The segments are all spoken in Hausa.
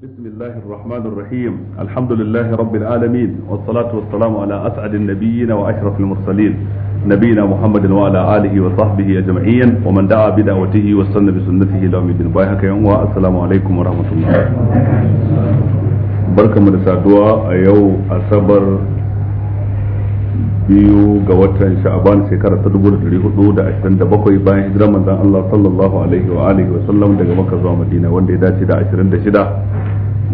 بسم الله الرحمن الرحيم الحمد لله رب العالمين والصلاة والسلام على أسعد النبيين وأشرف المرسلين نبينا محمد وعلى آله وصحبه أجمعين ومن دعا بدعوته واستنى بسنته إلى يوم الدين بايحك يوم والسلام عليكم ورحمة الله بركة من السادوة أيو أصبر biyu ga watan sha'aban shekara ta dubu da dari hudu da ashirin da bakwai bayan hijirar manzon Allah sallallahu alaihi wa alihi wa sallam daga Makka zuwa Madina wanda ya dace da ashirin da shida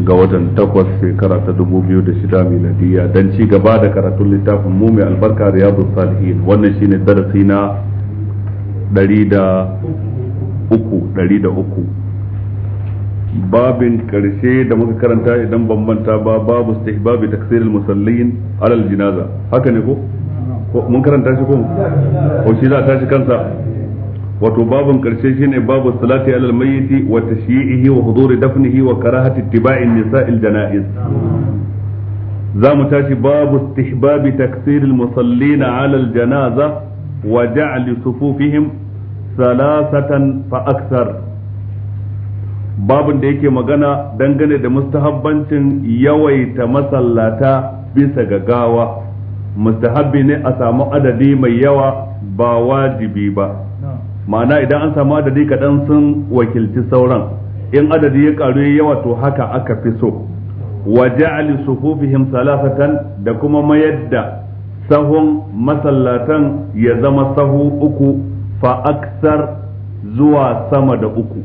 ga watan takwas shekara ta dubu biyu da shida miladiya don ci gaba da karatun littafin mu mai albarka da riyadu salihin wannan shine darasi na ɗari da uku ɗari da uku babin karshe da muka karanta idan ban manta ba babu istihbabi taksiril musallin alal jinaza haka ne ko mun karanta shi ko ko shi za a tashi kansa wato babun karshe shine babu salati alal mayyiti wa tashyi'ihi wa huduri dafnihi wa karahati ittiba'in nisa'il janaiz za mu tashi babu istihbabi taksir al musallin ala al janaza wa ja'li sufufihim salasatan fa akthar babun da yake magana dangane da mustahabbancin yawaita masallata bisa ga gawa mustahabbi ne a samu adadi mai yawa ba wajibi ba ma'ana idan an samu adadi kaɗan sun wakilci sauran in adadi ya ƙaru ya yawa to haka aka fi so wa ja'ali sufufihim salasatan da kuma mayar da sahun masallatan ya zama sahu uku fa aksar zuwa sama da uku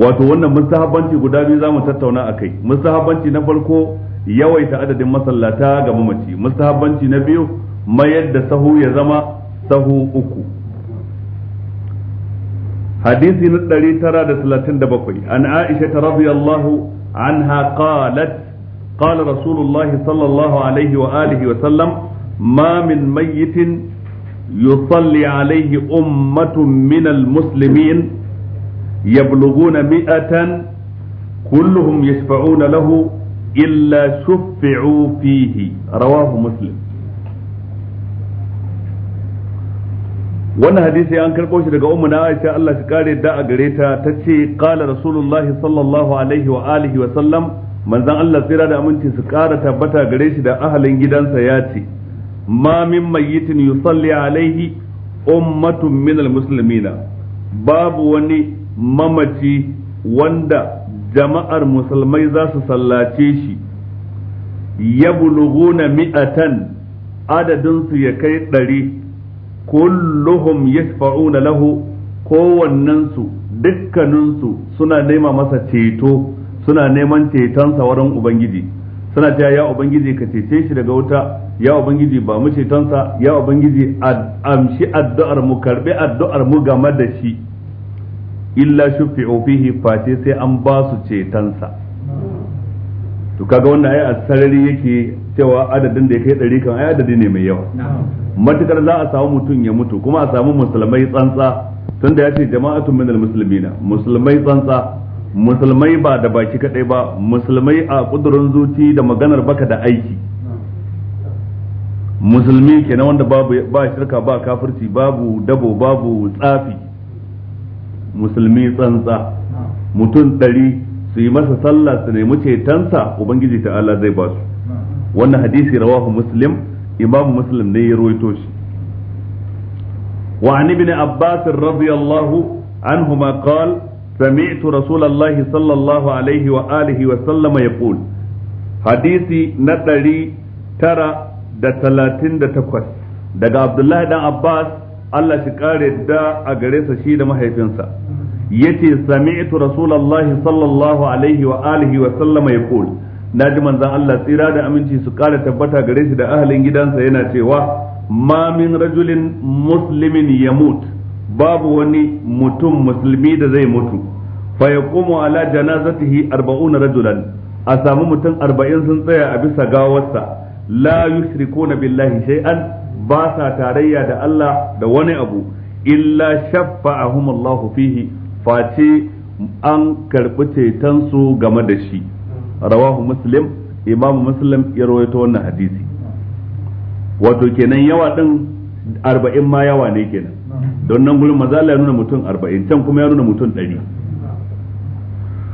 wato wannan mustahabbanci guda biyu zamu tattauna a kai mustahabbanci na farko yawaita adadin masallata ga mamaci mustahabbanci na biyu mayar da sahu ya zama sahu uku hadisi na عن عائشة رضي الله عنها قالت قال رسول الله صلى الله عليه وآله وسلم ما من ميت يصلي عليه أمة من المسلمين يبلغون مئة كلهم يشفعون له إلا شفعوا فيه رواه مسلم wannan hadisi an karɓo shi daga ummu na Aisha Allah shi kare da a gare ta tace qala rasulullahi sallallahu alaihi wa alihi wa sallam manzon Allah tsira da aminci su kara tabbata gare shi da ahalin gidansa ya ce ma min mayyitin yusalli alaihi ummatun min almuslimina babu wani mamaci wanda jama'ar musulmai za su sallace shi ya bulughuna mi'atan su ya kai ɗari kulluhum yasfa'una lahu kowannensu dukkaninsu suna nema masa ceto suna neman cetonsa wurin ubangiji suna cewa ya ubangiji ka cece shi daga wuta ya ubangiji ba mu cetonsa ya ubangiji amshi addu'ar mu karbi addu'ar mu game da shi illa shufi'u fihi face sai an ba su cetonsa to kaga wannan ai a sarari yake cewa adadin da ya kai ɗari kan ai adadi ne mai yawa matukar za a samu mutum ya mutu kuma a samu musulmai tsantsa tunda ya ce jama'atun musulmi na. musulmai tsantsa musulmai ba da baki kadai ba musulmai a kudurin zuci da maganar baka da aiki musulmi kenan wanda babu ba shirka ba kafirci babu dabo babu tsafi musulmi tsantsa mutum ɗari su yi masa sallah su nemi cetonsa ubangiji ta'ala zai ba su wannan hadisi rawahu muslim imam muslim ne ya ruwaito shi wa an ibn abbas radiyallahu anhuma qala سمعت رسول الله صلى الله عليه وآله وسلم يقول حديثي نتري ترى da talatin da takwas daga abdullahi dan abbas allah shi kare da a gare sa da mahaifinsa yace sami'tu rasulullahi sallallahu alaihi wa alihi wa na ji manzan Allah tsira da aminci su kara tabbata gare shi da ahalin gidansa yana cewa ma min rajulin muslimin yamut babu wani mutum musulmi da zai mutu fa ya yaqumu ala janazatihi arba'un rajulan a sami mutum arba'in sun tsaya a bisa gawarsa la na billahi shay'an ba sa tarayya da Allah da wani abu illa shaffa'ahum Allah fihi face an karɓi cetonsu game da shi rawahu muslim imamu muslim ya rawaito wannan hadisi wato kenan yawa din arba'in ma yawa ne kenan don nan gurin maza ya nuna mutum arba'in can kuma ya nuna mutum ɗari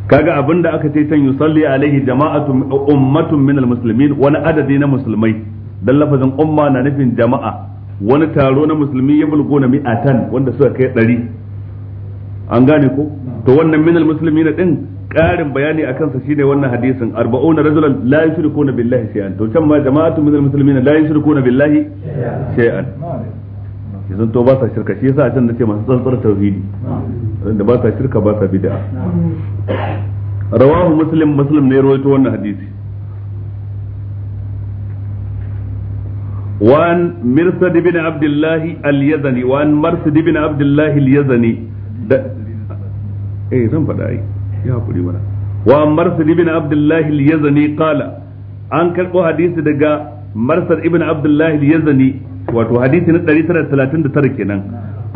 kaga abin da aka ce can yusalli alaihi jama'atu ummatun minal almuslimin wani adadi na musulmai dan lafazin umma na nufin jama'a wani taro na musulmi ya bulgo na mi'atan wanda suka kai ɗari an gane ko to wannan minal almuslimin din ƙarin bayani a kansa shine wannan hadisin arba'una rajulan la yushrikuna billahi shay'an to can ma jama'atu min almuslimin la yushrikuna billahi shay'an yanzu to ba sa shirka shi yasa a can nace masu tsantsar tauhidi wanda ba sa shirka ba sa bid'a rawahu muslim muslim ne rawaito wannan hadisi وعن مرثد بن عبد الله اليزني وعن مرثد بن عبد الله اليزني ده... ايه زن ya hakuri mana wa marsal ibn abdullah al-yazani qala an karbo hadisi daga marsal ibn abdullah al-yazani wato hadisi na 939 kenan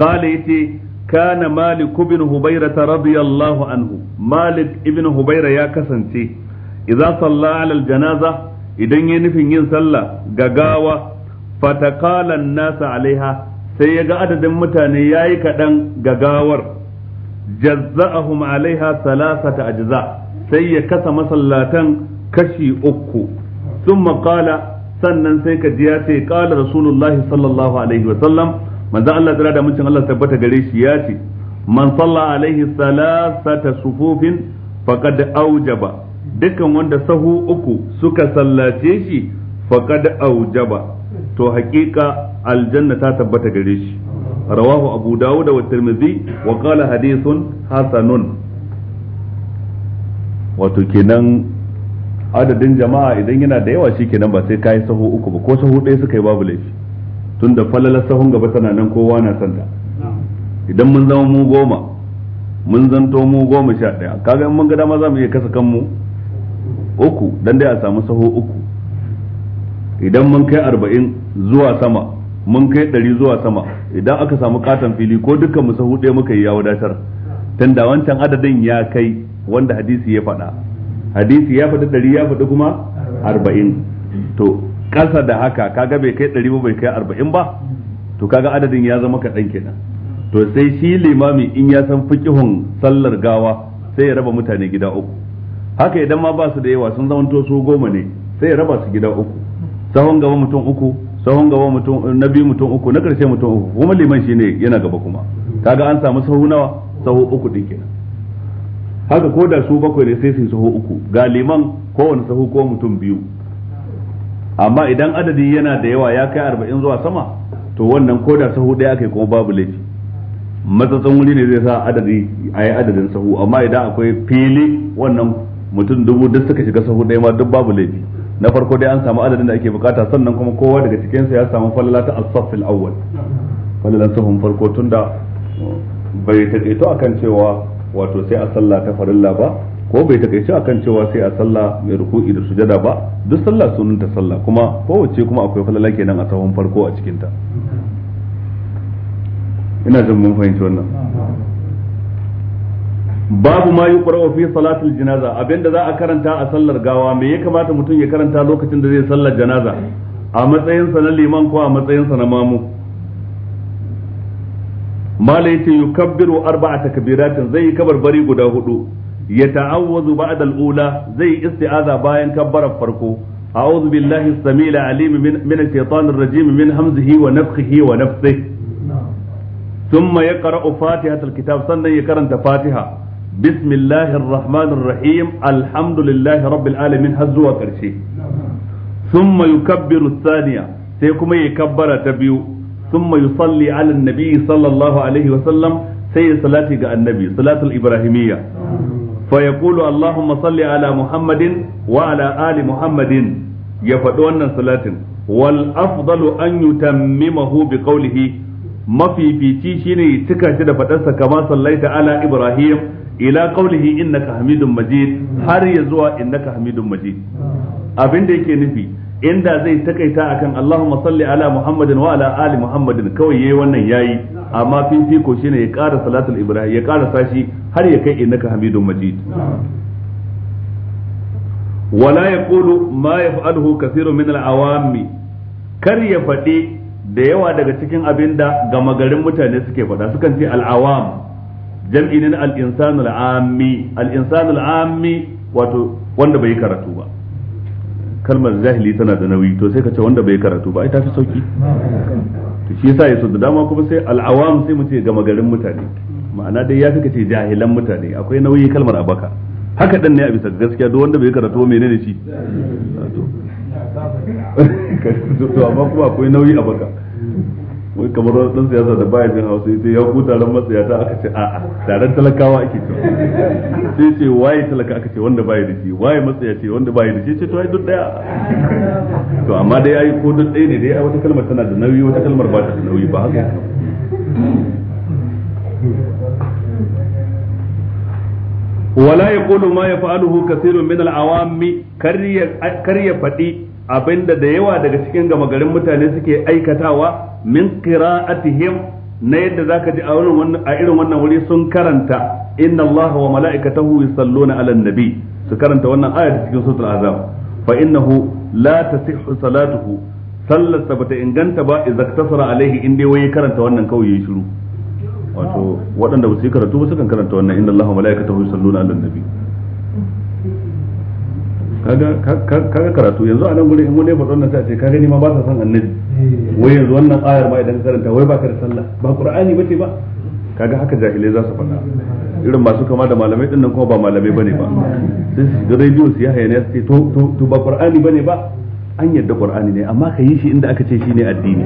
qala yace kana malik ibn hubayra radiyallahu anhu malik ibn hubayra ya kasance idza salla ala al-janaza idan ya nufin yin sallah ga gawa fataqala an-nas alaiha sai yaga adadin mutane yayi kadan ga gawar jazza'ahum alaiha salasata jaza sai ya kasa masallatan kashi uku sun qala sannan sai ka ji ya ce qala rasulullahi sallallahu alaihi wa sallam manzo Allah tsira da mutum Allah tabbata gare shi ya ce man salla alaihi salasata sufufin faqad aujaba dukkan wanda sahu uku suka sallace shi faqad aujaba to haƙiƙa aljanna ta tabbata gare shi rawahu abu dawud wa tirmidhi wa qala hadithun hasanun wato kenan adadin jama'a idan yana da yawa shikenan ba sai kai sahu uku ba ko sahu ɗaya suka yi babu laifi tunda falalar sahun gaba tana nan kowa na santa idan mun zama mu goma mun zanto mu goma sha ɗaya kaga mun ga dama za mu iya kasa kanmu uku dan dai a samu saho uku idan mun kai arba'in zuwa sama mun kai ɗari zuwa sama idan aka samu katon fili ko dukkan mu sahu muka yi ya wadatar tunda wancan adadin ya kai wanda hadisi ya faɗa hadisi ya faɗi ɗari ya faɗi kuma arba'in to ƙasa da haka kaga bai kai ɗari ba bai kai arba'in ba to kaga adadin ya zama kaɗan kenan to sai shi limami in ya san fikihun sallar gawa sai ya raba mutane gida uku haka idan ma ba su da yawa sun zamanto su goma ne sai ya raba su gida uku sahun gaba mutum uku sahun gaba mutum na biyu mutum uku na karshe mutum uku kuma liman shi ne yana gaba kuma kaga an samu sahu nawa sahu uku din kenan haka ko da su bakwai ne sai su sahu uku ga liman kowane sahu ko mutum biyu amma idan adadi yana da yawa ya kai arba'in zuwa sama to wannan ko da sahu ɗaya aka kuma babu laifi matsatsan wuri ne zai sa adadi a yi adadin sahu amma idan akwai fili wannan mutum dubu duk suka shiga sahu ɗaya ma duk babu laifi na farko dai an samu adadin da ake bukata sannan kuma kowa daga cikin sa ya samu falala ta as-saffil awwal falalan sahun farko tunda uh, bai takaito akan cewa wato sai a sallah ta farilla ba ko bai takaice akan cewa sai a sallah mai ruku'i da sujada ba duk sallah sunan ta sallah kuma kowace kuma akwai falala kenan a sahun farko a cikin ta ina jin mun fahimci wannan babu ma yuqra'u fi salatul janaza abinda za a karanta a sallar gawa mai ya kamata mutum ya karanta lokacin da zai sallar janaza a matsayin na liman ko a matsayin sa na mamu mala yace yukabbiru arba'a takbiratin zai yi kabar bari guda hudu ya ta'awwazu ba'da al-ula zai yi isti'aza bayan kabbarar farko a'udhu billahi as alim min ash-shaytanir rajim min hamzihi wa nafthihi wa nafthihi ثم يقرأ فاتحة الكتاب sannan ya karanta fatiha. بسم الله الرحمن الرحيم الحمد لله رب العالمين har zuwa ƙarshe ثم يكبر Saniya, sai kuma ya kabbara ta biyu ثم salli على النبي صلى الله عليه وسلم sai salati ga annabi salatul ibrahimiyya fa yaqulu allahumma salli ala muhammadin wa ala ali muhammadin ya faɗi wannan salatin wal afdalu an yutammimahu bi qawlihi mafifici shine cika shi da faɗarsa kama sallaita ala ibrahim ila qawlihi innaka hamidun majid har ya zuwa innaka hamidun majid abin da yake nufi inda zai takaita akan Allahumma salli ala Muhammadin wa ala ali Muhammadin kawai yayi wannan yayi amma fifiko shine ya ƙara salatul ibrahim ya ƙara sashi har ya kai innaka hamidun majid wala yaqulu ma yaf'aluhu kathirun min al-awami kar ya faɗi da yawa daga cikin abin da gama garin mutane suke faɗa sukan ce al-awam jam'i ne na al al'ammi al-ammi al al-ammi wato wanda bai karatu ba kalmar jahili tana da nauyi to sai ka ce wanda bai karatu ba ai tafi sauki to shi yasa yaso da dama kuma sai al-awam sai mu ce gama garin mutane ma'ana dai ya kake ce jahilan mutane akwai nauyi kalmar abaka haka dan ne a bisa gaskiya duk wanda bai karatu ba menene shi to amma kuma akwai nauyi abaka wai kamar wani dan siyasa da baya jin hausa sai ya ku taron ta aka ce a'a taron talakawa ake ce sai ce waye talaka aka ce wanda baya da shi waye ce wanda baya da shi ce to ai duk daya to amma dai ai ko duk daya ne dai wata kalmar tana da nauyi wata kalmar ba ta da nauyi ba haka ولا يقول ما يفعله كثير من العوام كريه كريه فدي abinda da yawa daga cikin gama garin mutane suke aikatawa min qira'atihim na yadda zaka ji a wannan a irin wannan wuri sun karanta inna Allah wa mala'ikatahu yusalluna 'alan nabi su karanta wannan aya da cikin suratul azab fa innahu la tasihhu salatuhu sallarsa ta inganta ba idza tasara alaihi in dai waye karanta wannan kawai yayi shiru wato waɗanda ba su karatu ba su kan karanta wannan inna Allah wa mala'ikatahu yusalluna 'alan nabi kaga karatu yanzu a nan gurin mun dai faɗo nan sai a ce kaga ni ma ba sa san annabi wai yanzu wannan ayar ma idan karanta wai ba ka da sallah ba qur'ani bace ba kaga haka jahilai za su faɗa irin masu kama da malamai din nan kuma ba malamai bane ba sai su shiga rediyo su yi hayaniya su to to to ba qur'ani bane ba an yadda qur'ani ne amma ka yi shi inda aka ce shi ne addini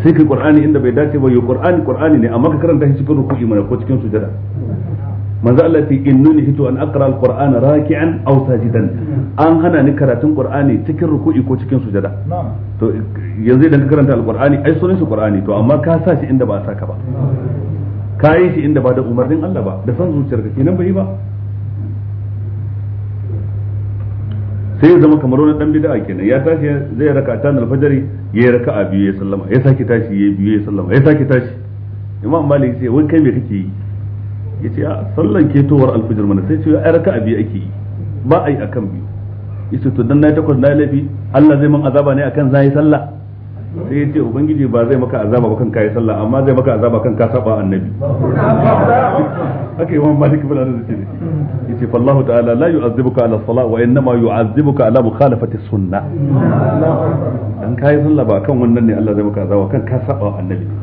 sai kai qur'ani inda bai dace ba yi qur'ani qur'ani ne amma ka karanta shi cikin ruku'i mana ko cikin sujada manzo Allah ce innuni hitu an aqra alqur'ana raki'an aw sajidan an hana ni karatun qur'ani cikin ruku'i ko cikin sujada to yanzu idan ka karanta alqur'ani ai sunan shi qur'ani to amma ka sa shi inda ba a saka ba ka yi shi inda ba da umarnin Allah ba da san zuciyarka kenan bai ba sai ya zama kamar wani dan bid'a kenan ya tashi zai raka ta alfajari yayi raka'a biyu ya sallama ya sake tashi yayi biyu ya sallama ya sake tashi imam malik sai wai kai me kake yi yace a sallan ketowar alfijir mana sai ce ai raka'a biyu ake yi ba a yi a kan biyu yace to dan nayi takwas nayi laifi Allah zai man azaba ne a akan zai sallah sai yace ubangiji ba zai maka azaba ba kan kai sallah amma zai maka azaba kan ka saba annabi yi imam malik bin anas ce. yace fa Allah ta'ala la yu'azzibuka ala salat wa innama yu'azzibuka ala mukhalafati sunnah dan kai sallah ba kan wannan ne Allah zai maka azaba kan ka saba annabi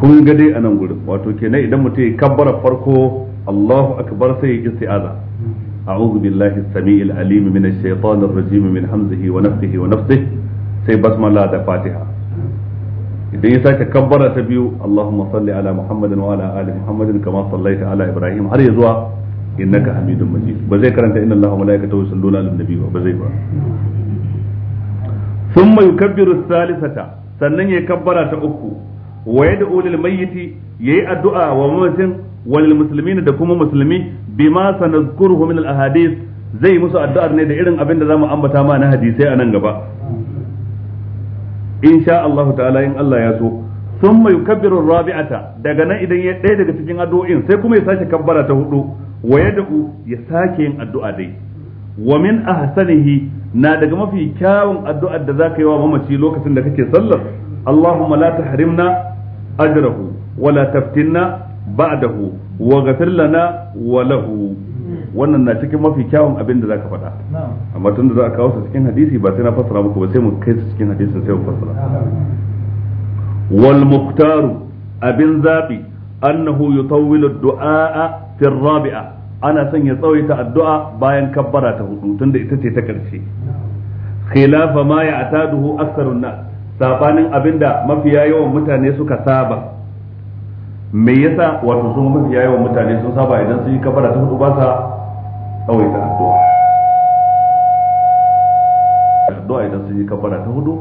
kun ga dai a nan gurin wato kenan idan mutum ya kabbara farko Allahu akbar sai ya isti'aza a'udhu billahi as-sami'il alim min ash-shaytanir rajim min hamzihi wa nafthihi wa nafthihi sai basmala da fatiha idan ya sake kabbara ta biyu Allahumma salli ala Muhammadin wa ala ali Muhammadin kama sallaita ala Ibrahim har ya zuwa innaka Hamidum Majid ba zai karanta inna Allaha malaikatahu yusalluna ala nabi ba zai ba thumma yukabbiru thalithata sannan ya kabbara ta uku wa yad'u lil mayyiti yayi addu'a wa mamacin wal muslimin da kuma musulmi bima sanazkuruhu min al ahadith zai musu addu'ar ne da irin abin da za mu ambata ma na hadisai a nan gaba insha Allah ta'ala in Allah ya so sun mai kabbirin rabi'ata daga nan idan ya ɗaya daga cikin addu'o'in sai kuma ya sake kabbara ta hudu wa ya da'u ya sake yin addu'a dai wa min ahsanihi na daga mafi kyawun addu'ar da zaka yi wa mamaci lokacin da kake sallar Allahumma la tahrimna ajrahu wala taftinna ba'dahu wannan na cikin mafi kyawun abin da zaka faɗa amma tun da za a kawo su cikin hadisi ba sai na fassara muku ba sai mu kai su cikin hadisin sai mu fassara wal muhtaru abin zabi annahu yutawwilu du'a fi rabi'a ana son ya tsawaita addu'a bayan kabbara ta hudu tunda ita ce ta karshe khilafa maya a ataduhu aktharun nas sabanin abinda mafiya yawan mutane suka saba me yasa wato sun mafiya yawan mutane sun saba idan sun yi kafara ta hudu ba sa ta addu'a addu'a idan sun yi kabara ta hudu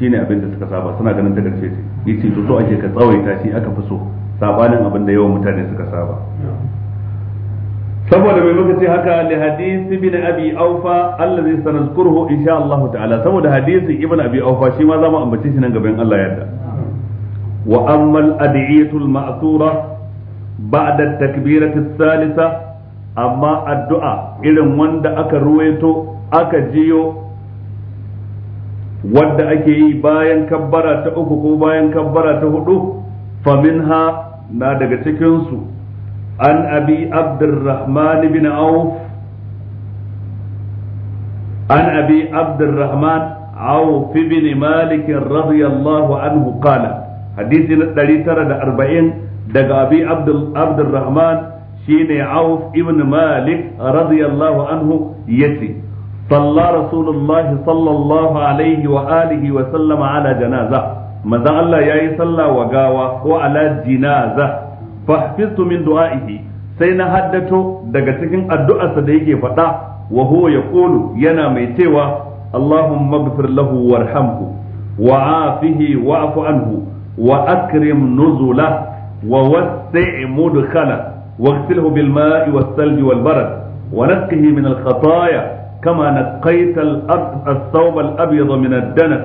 shine abin da suka saba suna ganin ta karshe ce yace to so ake ka tsawaita shi aka fi so sabanin abin da yawan mutane suka saba saboda mai muka ce haka li hadisi bin abi aufa allazi sanazkuruhu insha Allah ta'ala saboda hadisi ibn abi aufa shi ma zamu ambace shi nan gaban Allah yadda wa amma al ad'iyatu al ma'thura ba'da takbirati thalitha amma addu'a irin wanda aka ruwaito aka jiyo wadda ake yi bayan kabbara ta uku ko bayan kabbara ta hudu faminha na daga cikin su عن أبي عبد الرحمن بن عوف عن أبي عبد الرحمن عوف بن مالك رضي الله عنه قال حديث دريتر أربعين دق أبي عبد الرحمن شين عوف ابن مالك رضي الله عنه يتي صلى رسول الله صلى الله عليه وآله وسلم على جنازة ماذا الله يا صلى وقاوة وعلى جنازة fahfistu min du'aihi sai na haddato daga cikin addu'arsa da yake faɗa wa huwa yaqulu yana mai cewa Allahumma ighfir lahu warhamhu wa afihi wa'fu anhu wa akrim nuzula wa wasi' mudkhala واغسله بالماء والثلج والبرد ونقه من الخطايا كما نقيت الثوب الأبيض من الدنس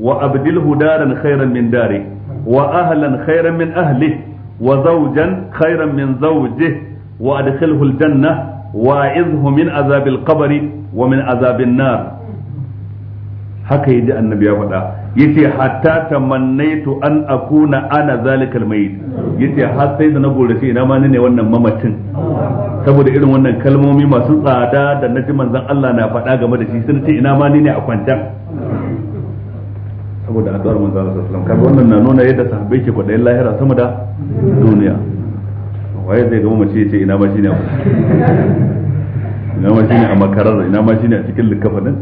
وأبدله دارا خيرا من داره وأهلا خيرا من أهله wa zawjan khairan min zawjihi wa adkhilhu aljanna wa izhu min azabil qabri wa min azabin nar haka yaji annabi ya faɗa yace hatta tamannaitu an akuna ana zalikal mayit yace har sai da na gore sai ina ma ne wannan mamacin saboda irin wannan kalmomi masu tsada da na naji manzon Allah na faɗa game da shi sun ce ina ma ne a kwantar saboda addu'ar manzo Allah sallallahu alaihi wasallam kaga wannan na nuna yadda sahabbai ke kwadai lahira sama da duniya waye zai gama mace ce ina ma shine a ina ma shine a makarar ina ma shine a cikin likafanin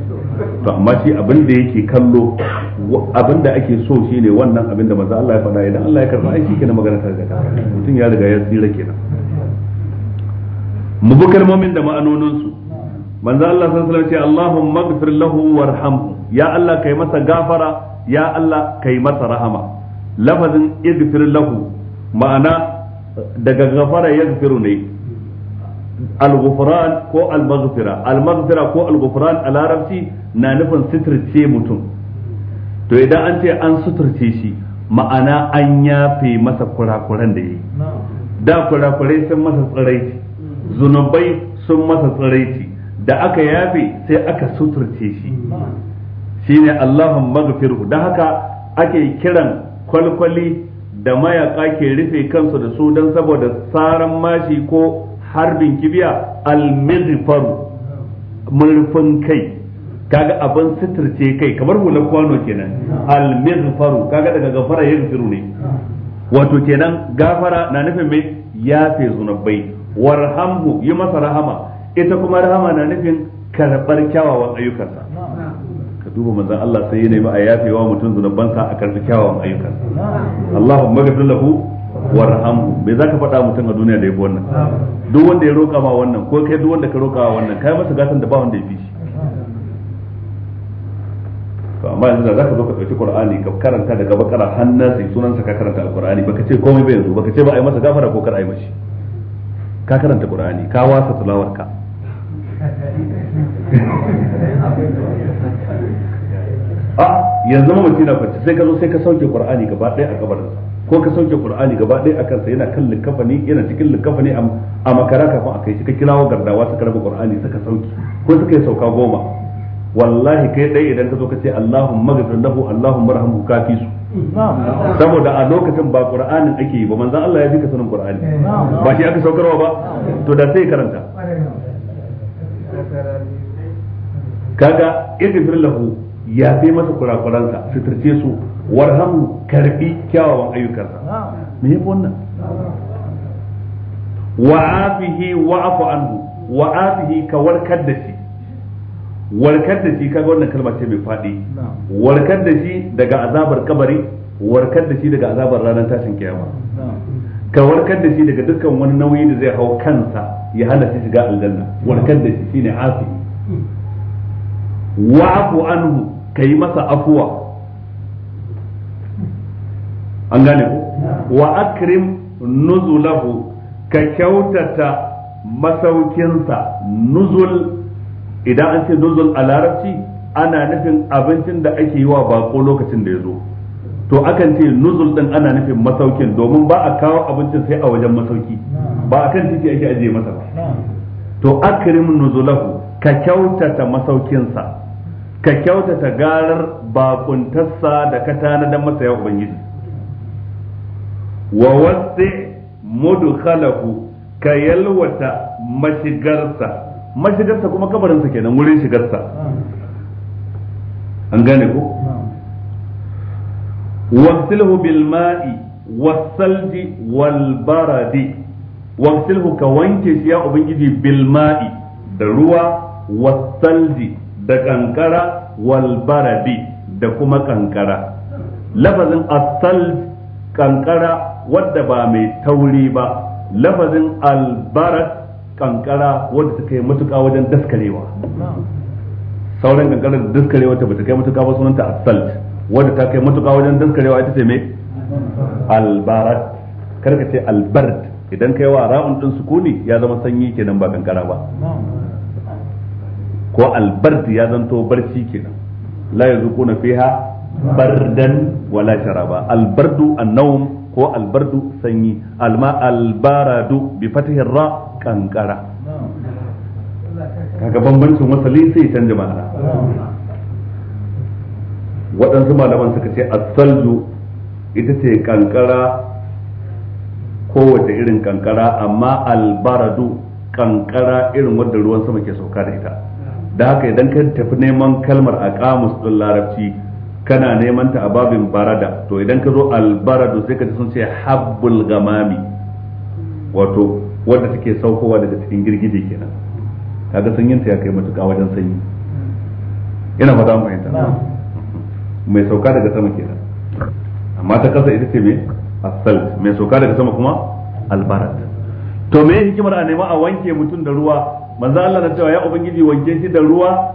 to amma shi abin da yake kallo abin da ake so shine wannan abin da manzo Allah ya faɗa idan Allah ya karba aiki kenan magana ta riga mutum ya riga ya tsira kenan mu bi kalmomin da ma'anoninsu manzo Allah sallallahu alaihi wasallam ce Allahumma ighfir lahu warhamhu ya Allah kai masa gafara ya Allah kai masa rahama lafazin igfir lahu ma'ana daga gafara yaghfiru ne al ko al-maghfira al-maghfira ko al-ghufran a larabci na nufin suturce mutum to idan an ce an suturce shi ma'ana an yafe masa kurakuran da yayi da kurakurai sun masa tsiraici zunubai sun masa tsiraici da aka yafe sai aka suturce shi shine Allahumma maghfirhu don haka ake kiran kwalkwali da mayaka ke rufe kansu da su dan saboda saran mashi ko harbin kibiya al murfin kai kaga abin suturce kai kamar hular kwano kenan al kaga daga gafara yaghfiru ne wato kenan gafara na nufin mai fi zunubai warhamhu yi masa rahama ita kuma rahama na nufin karɓar kyawawan ayyukansa ka duba manzon Allah sai yana ba a yafewa mutum zunubansa a karfi kyawawan ayyukan Allahumma ghfir lahu warhamhu me zaka faɗa mutum a duniya da yabo wannan duk wanda ya roƙa ma wannan ko kai duk wanda ka roƙa ma wannan kai masa gatan da ba wanda ya fi shi to amma yanzu da zaka zo ka dauki Qur'ani ka karanta daga bakara hanna sai sunan sa ka karanta Al-Qur'ani baka ce komai ba yanzu baka ce ba ai masa gafara ko kar ai mashi ka karanta Qur'ani ka wasa tilawarka yanzu mamaci na kwanci sai ka zo sai ka sauke qur'ani gaba ɗaya a kabarin ko ka sauke qur'ani gaba ɗaya a kansa yana kan likafani yana cikin likafani a makara kafin a kai shi ka kirawo gardawa ta karba qur'ani saka sauki ko suka yi sauka goma wallahi kai ɗaya idan ka zo ka ce Allahumma ghfir lahu Allahumma rahmuhu kafi su saboda a lokacin ba qur'anin ake yi ba manzo Allah ya fi ka sanin qur'ani ba shi aka saukarwa ba to da sai karanta kaga ighfir lahu ya fi masa kurakuransa suturce su warhamu karbi kyawawan ayyukansa me yafi wannan wa afihi wa afu anhu wa afihi ka warkar da shi warkar da shi kaga wannan kalma ce mai fadi warkar da shi daga azabar kabari warkar da shi daga azabar ranar tashin kiyama ka warkar da shi daga dukkan wani nauyi da zai hau kansa ya hana shi shiga aljanna warkar da shi shine afi wa afu anhu ka yi masa afuwa an gane ku wa akrim nuzulahu ka kyautata masaukinsa nuzul idan an ce nuzul a larabci ana nufin abincin da ake yi wa bako lokacin da ya zo to akan ce nuzul din ana nufin masaukin domin ba a kawo abincin sai a wajen masauki ba a kan titi ake ajiye masa ba to akrim nuzulahu ka kyautata masaukinsa ka kyautata garar bakuntarsa da ka don masa ya ubangiji wa mudu mudkhalahu ka yalwata mashigarsa mashigarsa kuma kabarinsa kenan wurin shigarsa an gane ko wasilhu bil ma'i wasalji walbaradi baradi wasilhu ka wanke shi ya ubangiji bilma'i da ruwa wasalji da kankara wal baradi da kuma kankara lafazin asal kankara wadda ba mai tauri ba lafazin albarat kankara wadda ta kai matuka wajen daskarewa sauran kankara da daskarewa ta bata kai matuka ba sunanta asal wadda ta kai matuka wajen daskarewa ita ce mai albarat karka ce albert idan kai wa ra'un din sukuni ya zama sanyi kenan ba kankara ba ko albardi ya zanto barci kenan la yazquna fiha bardan wala sharaba albardu annawm ko albardu sanyi alma albaradu bi fathihi ra kankara kaga bambancin wasali sai canja ma'ana waɗansu malaman suka ce asalju ita ce kankara kowace irin kankara amma albaradu kankara irin wadda ruwan sama ke sauka da ita da haka idan ka tafi neman kalmar a kamus din larabci kana neman ta a babin barada to idan ka zo albaradu sai ka ji sun ce habbul gamami wato wanda take saukowa daga cikin girgije kenan kaga sun yinta ya kai matuƙa wajen sanyi ina fata mu fahimta mai sauka daga sama kenan amma ta kasa ita ce me asal mai sauka daga sama kuma albarat to me hikimar a nema a wanke mutum da ruwa manzo Allah na cewa ya ubangiji wanke shi da ruwa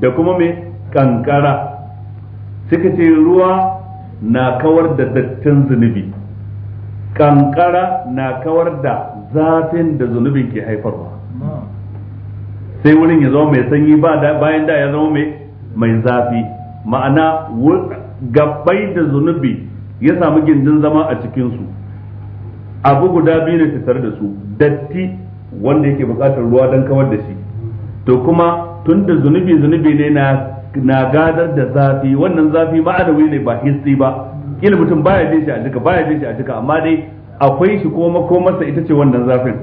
da kuma mai kankara suka ce ruwa na kawar da dattin zunubi kankara na kawar da zafin da zunubin ke haifarwa sai wurin ya zama mai sanyi bayan da ya zama mai zafi ma'ana gabai da zunubi ya samu gindin zama a cikinsu abu guda biyu ne tattare da su datti wanda yake bukatar ruwa don kawar da shi to kuma tun da zunubi zunubi ne na gadar da zafi wannan zafi ma'anawi ne ba histi ba kila mutum baya jin shi a jika baya jin shi a jika amma dai akwai shi ko makomarsa ita ce wannan zafin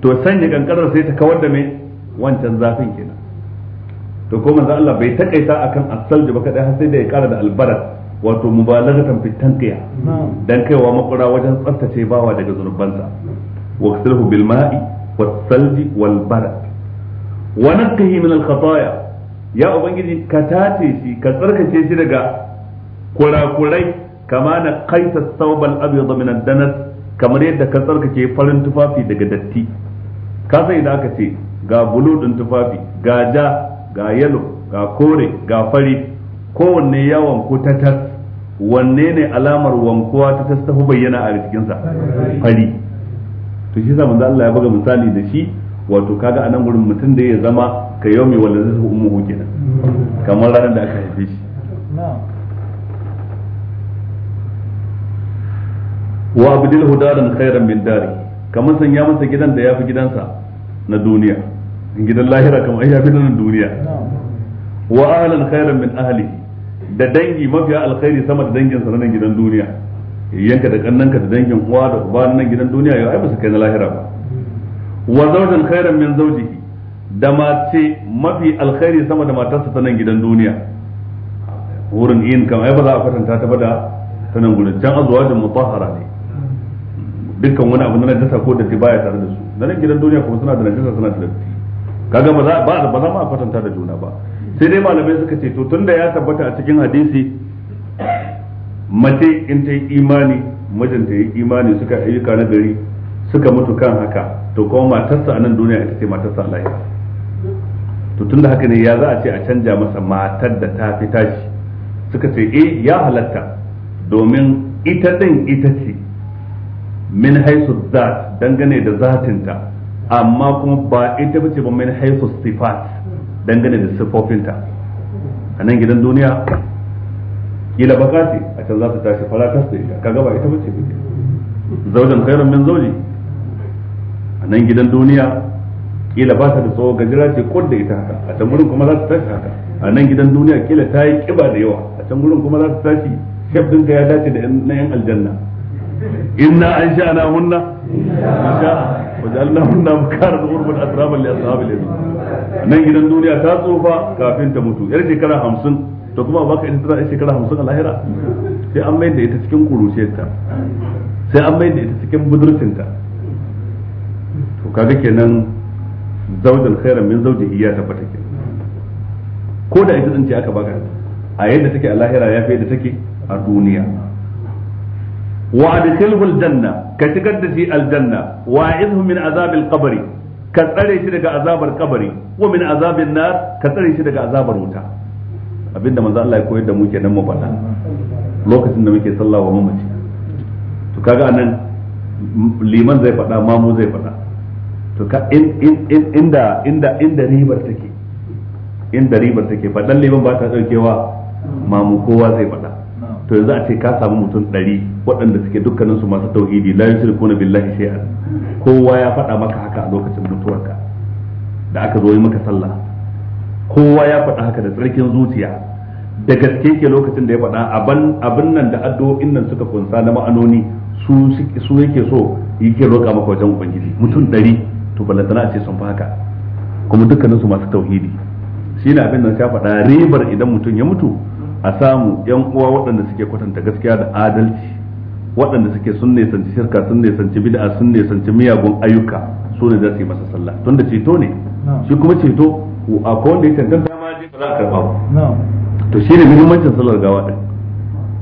to sanya kankarar sai ta kawar da mai wancan zafin kenan to ko manzo Allah bai takaita akan asal ba baka dai har sai da ya kara da albara wato mubalaghatan fi tanqiya dan kaiwa makura wajen tsaftace bawa daga zunubansa waqtilhu bil ma'i والثلج والبرد ونقه من الخطايا يا أبنجي كتاتيشي كتركتيشي لغا كرا كري كما نقيت الثوب الأبيض من الدنس كما يدى كتركتي فلن تفافي دغا دتي كذا إذا كتي غا بلود تفافي غا جا غا يلو غا كوري غا فري كو ya wanku ta tas wanne ne alamar wankuwa ta tas ta bayyana a cikinsa fari to shi da Allah ya buga misali da shi wato kaga anan gurin mutum da ya zama ka yau mai wanda zai ummuhu kenan kamar ranar da aka haife shi wa abdil daran khairan min dari kamar sanya masa gidan da yafi gidansa na duniya gidan lahira kamar yafi na duniya wa ahlan khairan min ahli da dangi mafiya alkhairi sama da danginsa na gidan duniya yanka da kannanka da dangin uwa da uba nan gidan duniya yau ai ba su kai na lahira ba wa zawjan khairan min zawjihi da mace mafi alkhairi sama da matarsa ta nan gidan duniya wurin yin kam ai ba za a kwatanta ta ba da ta nan gurin can azwajin mutahhara ne dukkan wani abu na najasa ko da baya tare da su na nan gidan duniya kuma suna da najasa suna da datti kaga ba za ba za ma kwatanta da juna ba sai dai malamai suka ce to tunda ya tabbata a cikin hadisi mace in ta yi imani mijinta ya yi imani suka ayyuka na gari suka mutu kan haka to kuma matarsa a nan duniya ita ce matarsa a to tun da haka ne ya za a ce a canja masa matar da ta fi tashi suka ce eh ya halatta domin ita ɗin ita ce min haisu zat dangane da zatinta amma kuma ba ita bace ba min haisu sifat dangane da sifofinta a nan gidan duniya kila bakati can za ta tashi fara ta sai kaga ba ita bace bace zaujan khairun min zauji a nan gidan duniya kila ba ta da tsawo gajira ce ko da ita haka a can gurin kuma za ta tashi haka a nan gidan duniya kila ta yi kiba da yawa a can gurin kuma za ta tashi shef ka ya dace da na yan aljanna inna an sha na hunna insha وجعلناهن مكارا غربا أترابا لأصحاب اليمين nan gidan duniya ta tsufa kafin ta mutu yar shekara hamsin to kuma baka ita tana shekara hamsin a lahira sai an mai da ita cikin kuruciyarta sai an mai da ita cikin budurcinta to kaga kenan zaujal khairan min zaujihi ya tabbata ke ko da ita tsinci aka baka a yadda take a lahira ya fi yadda take a duniya wa adkhilhu aljanna ka shigar da shi aljanna wa izhu min azabil qabri ka tsare shi daga azabar kabari wa min azabin nar ka tsare shi daga azabar wuta abinda manzo Allah ya koyar da mu kenan mu faɗa lokacin da muke sallah wa mamaci to kaga anan liman zai faɗa mamu zai faɗa to ka in in inda inda inda ribar take inda ribar take faɗan liman ba ta daukewa mamu kowa zai faɗa to yanzu a ce ka samu mutum ɗari waɗanda suke dukkaninsu masu tauhidi la yusriku na billahi shay'an kowa ya faɗa maka haka a lokacin mutuwarka da aka zo yi maka sallah kowa ya faɗa haka da tsarkin zuciya da gaske ke lokacin da ya faɗa abin nan da addu'o'in nan suka kunsa na ma'anoni su yake so yake roƙa maka wajen ubangiji mutum ɗari to balantana a ce sun fi haka kuma dukkaninsu masu tauhidi shi ne abin nan ya faɗa ribar idan mutum ya mutu a samu yan uwa waɗanda suke kwatanta gaskiya da adalci waɗanda suke sun nisanci shirka sun nisanci bid'a sun nisanci miyagun ayyuka su ne za su yi masa sallah tunda ceto ne shi kuma ceto a ko wanda ya tantanta ma je ba za a karba ba to muhimmancin sallar gawa din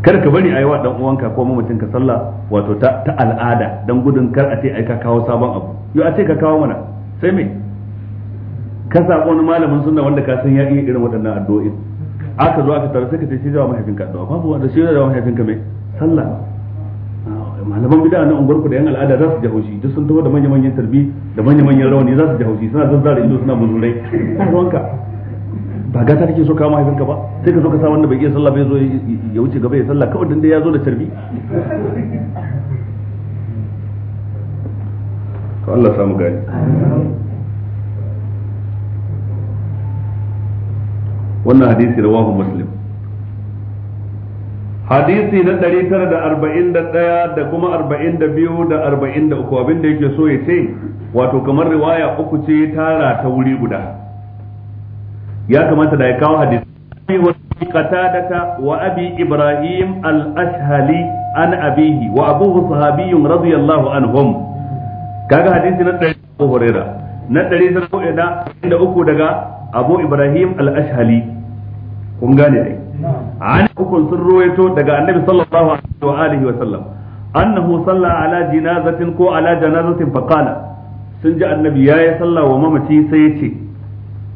kar ka bari ayi wa dan uwanka ko mamacin ka sallah wato ta, ta al'ada dan gudun kar a ce ai ka kawo sabon abu yo a ce ka kawo mana sai me ka sabo wani malamin sunna wanda ka san ya yi irin waɗannan addu'o'in aka zo aka tare sai ka ce shi da mahaifinka addu'a babu wanda shi da mahaifinka me? sallah malaman bid'a na unguwar da yan al'ada za su ji haushi duk sun taho da manya manyan tarbi da manya manyan rawani za su ji haushi suna zazzara ido suna buzurai kan ruwanka ba gata kake so kawo mahaifinka ba sai ka so ka sa wanda bai iya sallah bai zo ya wuce gaba ya sallah kawai dan dai ya zo da tarbi to Allah samu gani wannan hadisi rawahu muslim hadisi na 941 da kuma 42 da 43 abin da yake so ya ce wato kamar riwaya uku ce tara ta wuri guda ya kamata da ya kawo hadisi qatadata wa abi ibrahim al-ashhali an abihi wa abuhu sahabiyyun radiyallahu anhum kaga hadisi na 100 na 143 daga abu ibrahim al-ashhali an ukun sun ruwaito daga annabi sallallahu alaihi wa sallam annahu salla ala jinazatin ko ala janazatin fa qala sun ji annabi ya ya salla wa mamaci sai ya ce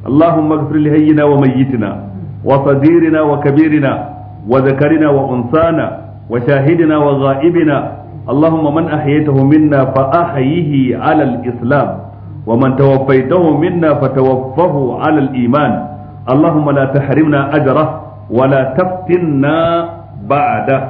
allahumma ighfir li wa wa kabirina wa zakarina wa unsana wa shahidina wa ghaibina اللهم من أحييته منا islam. على الإسلام ومن توفيته منا فتوفه على الإيمان اللهم لا تحرمنا أجره ولا تفتنا بعده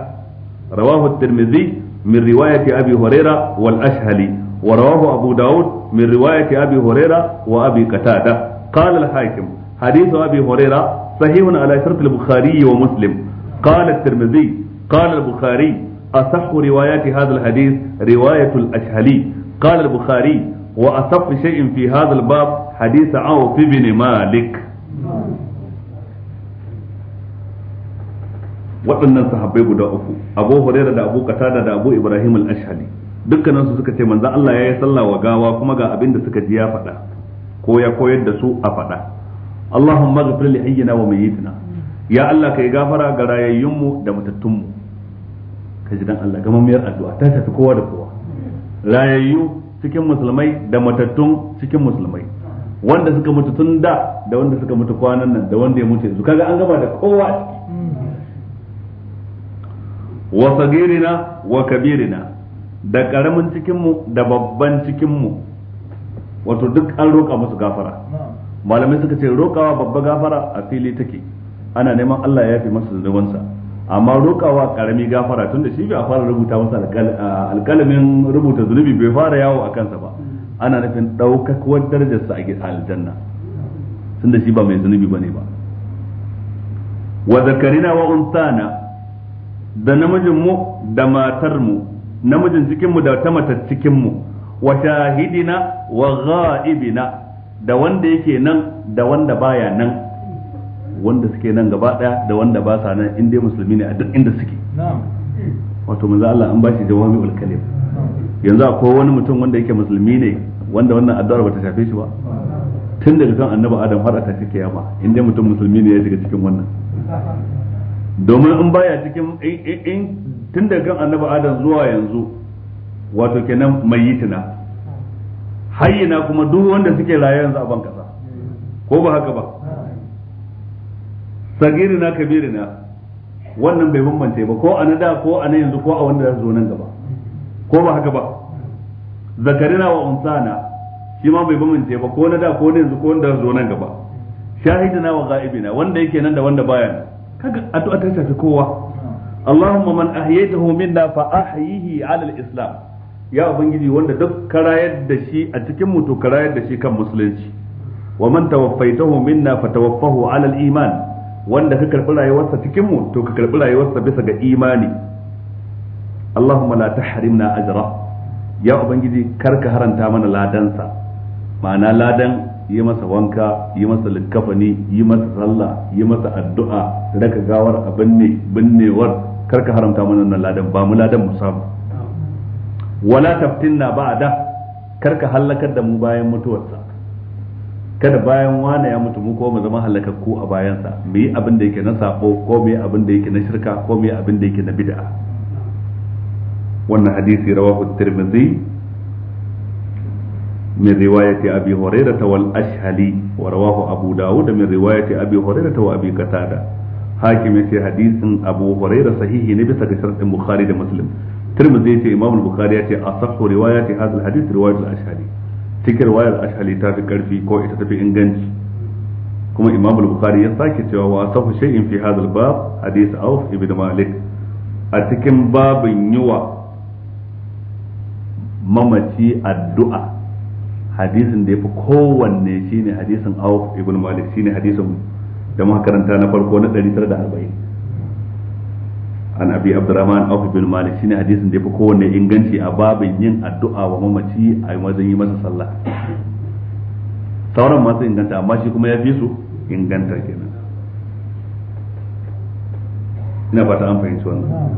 رواه الترمذي من رواية أبي هريرة والأشهلي ورواه أبو داود من رواية أبي هريرة وأبي قتادة قال الحاكم حديث أبي هريرة صحيح على شرط البخاري ومسلم قال الترمذي قال البخاري أصح روايات هذا الحديث رواية الأشهلي قال البخاري وأصح شيء في هذا الباب حديث عوف بن مالك waɗannan sahabbai guda uku Abu Hurairah da Abu Qatada da Abu Ibrahim al-Ashhali dukkanin su suka ce manzo Allah ya yi sallah wa gawa kuma ga abin da suka ji ya faɗa ko ya koyar da su a faɗa Allahumma ghfir li hayyina wa mayyitina ya Allah kai gafara ga rayayyunmu da matattunmu ka ji dan Allah gamammiyar addu'a ta tafi kowa da kowa rayayyu cikin musulmai da matattun cikin musulmai wanda suka mutu tun da da wanda suka mutu kwanan nan da wanda ya mutu yanzu kaga an gama da kowa wa sagirina wa kabirina da karamin cikinmu da babban cikinmu wato duk an roƙa musu gafara malamai suka ce roƙawa babba gafara a fili take ana neman Allah ya fi masa zunubansa amma roƙawa karami gafara tun da shi bai a fara rubuta masa alƙalamin rubuta zunubi bai fara yawo a kansa ba mm. ana nufin ɗaukakuwar darajarsa a aljanna tun da shi ba mai zunubi ba ne ba wa zakarina wa untana da namijin mu da matar mu namijin cikin mu da ta matar cikin mu wa shahidina wa ghaibina da wanda yake nan da wanda baya nan wanda suke nan gaba daya da wanda ba sa nan inda musulmi ne a duk inda suke wato manzo Allah an bashi jawami'ul kalim yanzu akwai wani mutum wanda yake musulmi ne wanda wannan addu'ar bata shafe shi ba tun daga kan annabi adam har a tashi kiyama inda mutum musulmi ne ya shiga cikin wannan domin in baya cikin in tun da kan annabi adam zuwa yanzu wato kenan mai mayitina hayyina kuma duk wanda suke raye yanzu a ban kasa ko ba haka ba kabiri kabirina wannan bai bambance ba ko a na da ko a na yanzu ko a wanda zai zo nan gaba ko ba haka ba zakarina wa unsana shi ma bai bambance ba ko na da ko na yanzu ko wanda zai zo nan gaba shahidina wa ga'ibina wanda yake nan da wanda baya nan kaga addu'a ta shafi kowa Allahumma man ahyaytahu minna fa ahyihi ala al-islam ya ubangiji wanda duk karayar da shi a cikin mu to karayar da shi kan musulunci wa man tawaffaytahu minna fa tawaffahu ala al-iman wanda ka karbi rayuwarsa cikin mu to ka karbi rayuwarsa bisa ga imani Allahumma la tahrimna ajra ya ubangiji kar ka haranta mana ladansa ma'ana ladan yi masa wanka yi masa likkafani yi masa sallah yi masa addu'a raka gawar a binne binnewar karka haramta mana nan ladan ba mu ladan mu samu wala taftinna ba'da karka halakar da mu bayan mutuwarsa kada bayan wane ya mutu mu ko mu zama halakakku a bayansa mu yi abin da yake na sako ko mu yi abin da yake na shirka ko mu yi abin da yake na bid'a wannan hadisi rawahu tirmidhi من رواية أبي هريرة والأشهلي ورواه أبو داود من رواية أبي هريرة وأبي قتادة حاكم في حديث أبو هريرة صحيح نبسة شرط البخاري ومسلم ترمذي في إمام البخاري أصح رواية هذا الحديث رواية الأشهلي تلك رواية الأشهلي تافي كرفي كو تفي إنجنش كما إمام البخاري يساكت وأصح شيء في هذا الباب حديث أوف ابن مالك أتكم باب يوى mamaci addu'a hadisin da ya fi kowanne shine hadisin Auf ibn Malik shine hadisin da muka karanta na farko na 940 an abi abdurrahman auf ibn malik shine hadisin da ya fi kowanne inganci a babin yin addu'a wa mamaci a wajen yi masa sallah sauran masu inganta amma shi kuma ya fi su inganta kenan ina fata an fahimci wannan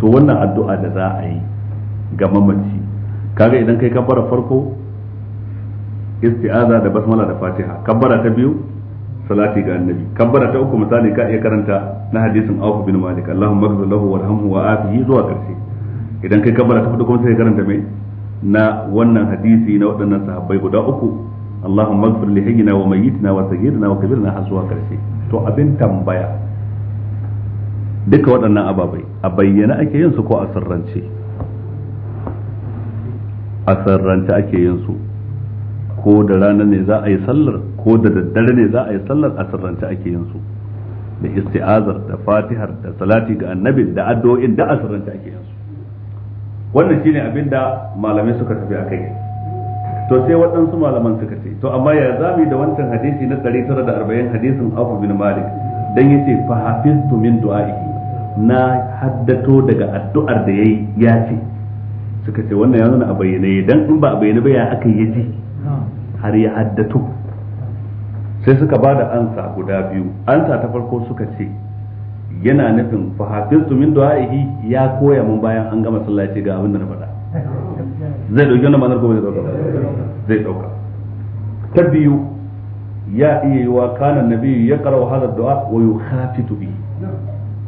to wannan addu'a da za a yi ga mamaci kaga idan kai kabbara farko isti'aza da basmala da fatiha kabbara ta biyu salati ga annabi kabbara ta uku misali ka iya karanta na hadisin Auf bin Malik Allahumma ighfir lahu warhamhu wa afihi zuwa karshe idan kai kabbara ta hudu kuma sai karanta mai na wannan hadisi na waɗannan sahabbai guda uku Allahumma ghfir li hayyina wa mayyitina wa sayyidina wa kabirina har zuwa karshe to abin tambaya duka waɗannan ababai a bayyana ake yin su ko a sirrance a sarrance ake yin su ko da rana ne za a yi sallar ko da daddare ne za a yi sallar a sarrance ake yin su da isti'azar da fatihar da salati ga annabi da addu'o'in da a sarrance ake yin su wannan shine abin da malamai suka tafi a kai to sai waɗansu malaman suka ce to amma ya zami da wancan hadisi na 940 hadisin Abu bin Malik dan yace fa hafiztu min du'a'i na haddato daga addu'ar da yayi ya ce suka ce wannan ya zana a bayyane dan in ba a bayyane ba ya aka yi ji har ya haddatu sai suka ba da ansa guda biyu ansa ta farko suka ce yana nufin fa hafiztu min du'a'ihi ya koya mun bayan an gama sallaci ga abin da na faɗa zai dauki wannan manar gobe zai dauka ta biyu ya iya yi wa kana nabi ya karawa hadar du'a wa yukhafitu bi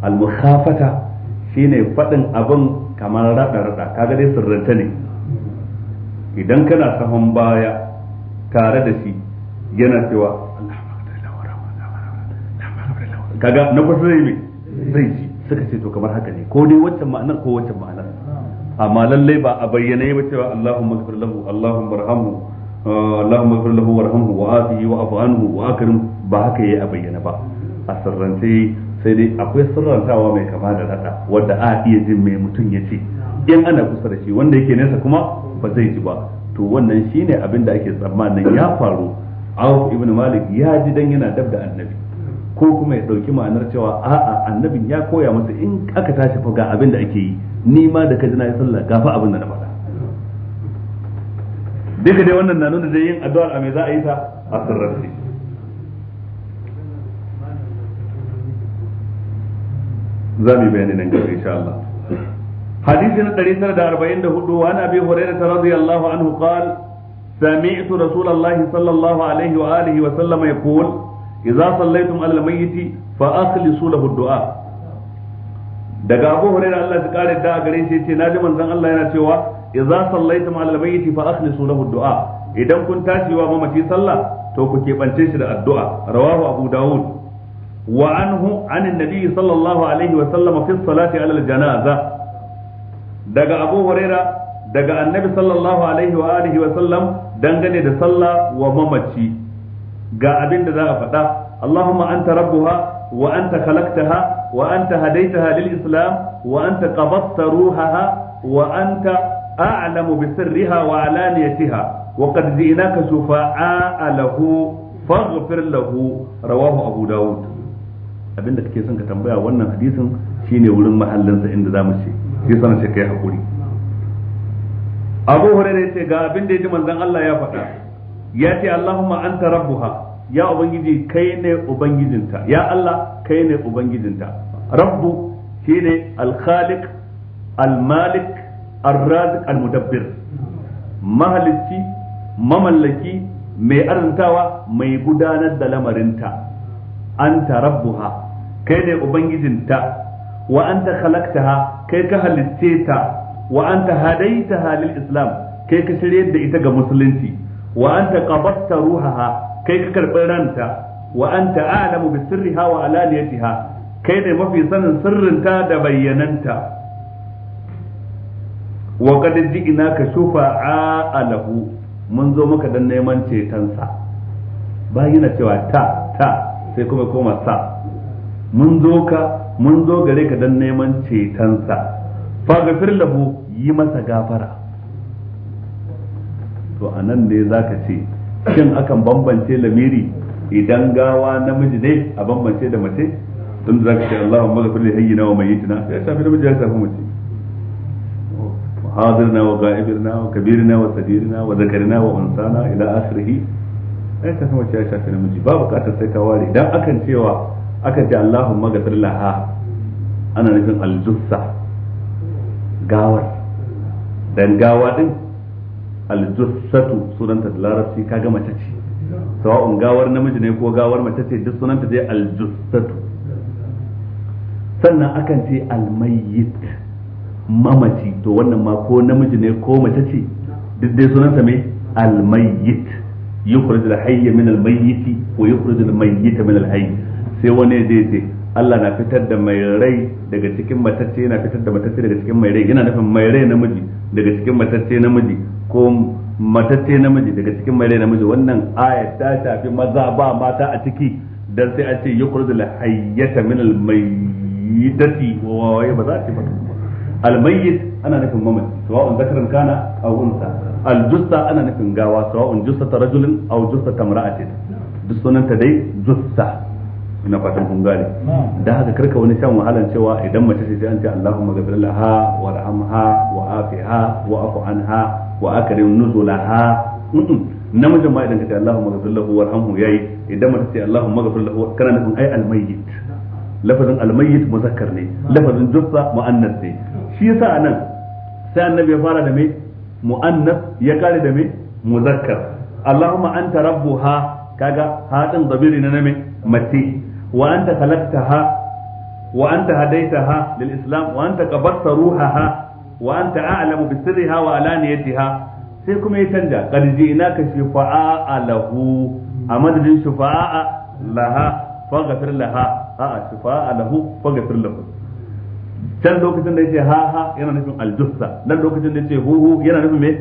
al mukhafata shine faɗin abin kamar raɗa-raɗa kaga dai sirrinta ne idan kana sahon baya tare da shi yana cewa kaga na kusa zai mai zai ji suka ce to kamar haka ne ko dai wancan ma'anar ko wancan ma'anar amma lallai ba a bayyane ba cewa Allahumma ighfir lahu Allahumma arhamhu uh, Allahumma ighfir lahu warhamhu wa afihi wa afu anhu wa akrim ba haka yayi a bayyana ba a sirrance sai dai akwai salwantawa mai kama da rada wadda a iya jin mai mutum ya ce in ana kusa da shi wanda yake nesa kuma ba zai ji ba to wannan shine abin da ake tsammanin ya faru Auf ibn Malik ya ji dan yana dab da annabi ko kuma ya dauki ma'anar cewa a'a annabin ya koya masa in aka tashi fa ga abin da ake yi ni ma da kaji na yi sallah gafa abin da na faɗa duka dai wannan na nuna da yin addu'ar mai me za a yi ta a sirrance za mu yi bayani nan gaba insha Allah hadisi na 944 wa ana bi hurairah radiyallahu anhu qala sami'tu rasulullahi sallallahu alaihi wa alihi wa sallam yaqul idza sallaytum ala al-mayyit fa akhlisu lahu ad-du'a daga Abu Hurairah Allah ya kare da gare shi yace naji manzon Allah yana cewa idza sallaytum ala al-mayyit fa akhlisu lahu ad-du'a idan kun tashi wa mamaci sallah to ku keɓance shi da addu'a rawahu Abu Dawud wa anhu anin nabi sallallahu alaihi wa sallam fi salati ala al-janaza daga Abu Huraira daga annabi sallallahu alaihi wa sallam dangane da sallah wa mamaci ga abinda za a faɗa Allahumma anta rabbuha wa anta khalaqtaha wa anta hadaita halil islam wa anta qabadta ruhaha wa anta a'lamu bi sirriha wa alaniyatiha wa qad ji'naka shufa'a lahu faghfir lahu rawahu abu daud abinda kake son ka tambaya wannan hadisin shine wurin mahallinsa inda zamu ce sai sana ce kai hakuri Abu Hurairah yace ga abin da yaji manzon Allah ya faɗa ya ce Allahumma anta rabbuha ya ubangiji kai ne ubangijinta ya Allah kai ne ubangijinta rabbu shine al-khaliq al-malik ar-raziq al-mudabbir mahalicci mamallaki mai arantawa mai gudanar da lamarinta an tarabbuha kai ne ubangijinta wa anta khalaqtaha kai ka halicce ta wa anta hadaitaha lil islam kai ka shirye da ita ga musulunci wa anta qabatta ruhaha kai ka karbi ranta wa anta a'lamu bi sirriha wa alaniyatiha kai ne mafi sanin sirrinta da bayyananta wa ka shufa shufa alahu mun zo maka dan neman cetonsa bayan yana cewa ta ta sai kuma koma sa mun zo ka mun zo gare ka dan neman cetonsa faghfir lahu yi masa gafara to anan ne zaka ce shin akan bambance lamiri idan gawa namiji ne a bambance da mace tun da zaka ce Allahumma ghfir li hayyina wa mayyitina ya shafi namiji ya shafi mace حاضرنا wa وكبيرنا وصغيرنا wa وانثانا الى wa ai ta kuma ya shafi namiji ba bukatar sai ka ware dan akan cewa akan ce Allahumma ghafir laha ana nufin aljussa gawar dan gawa din aljussatu sunanta da larabci kaga mace ce sawa'un gawar namiji ne ko gawar mace ce duk sunanta dai aljussatu sannan akan ce almayyit mamaci to wannan ma ko namiji ne ko mace ce duk dai sunansa mai almayyit yukhrij al-hayy min al-mayyit wa yukhrij al-mayyit min al-hayy sai wani zai ce Allah na fitar da mai rai daga cikin matacce yana fitar da matacce daga cikin mai rai yana nufin mai rai namiji daga cikin matacce namiji ko matacce namiji daga cikin mai rai namiji wannan aya ta shafi maza ba mata a ciki dan sai a ce yukhrujul hayyata min al mayyitati wa waye ba za ta fada almayyit ana nufin mamaci sawa'un zakaran kana aw unsa aljussa ana nufin gawa sawa'un jussata rajulin aw jussata imra'atin duk sunanta dai jussa ina fatan kun gane da haka karka wani shan wahalan cewa idan mace ce sai an ce Allahumma ghfir laha warhamha wa afiha wa afu anha wa akrim nuzulaha namijin ma idan ka ce Allahumma ghfir lahu warhamhu yayi idan mace ce Allahumma ghfir lahu kana nufin ai almayyit lafazin almayyit muzakkar ne lafazin juffa muannas ne shi yasa anan sai annabi ya fara da me muannas ya kare da me muzakkar Allahumma anta rabbuha kaga hadin zabiri na me mace wa anta khalaqtaha wa anta hadaytaha lil islam wa anta qabarta ruhaha wa anta a'lamu bi sirriha wa alaniyatiha sai kuma ya canja qad ji'naka shifa'a lahu a can lokacin da yace ha ha yana nufin aljussa nan lokacin da yace hu hu yana nufin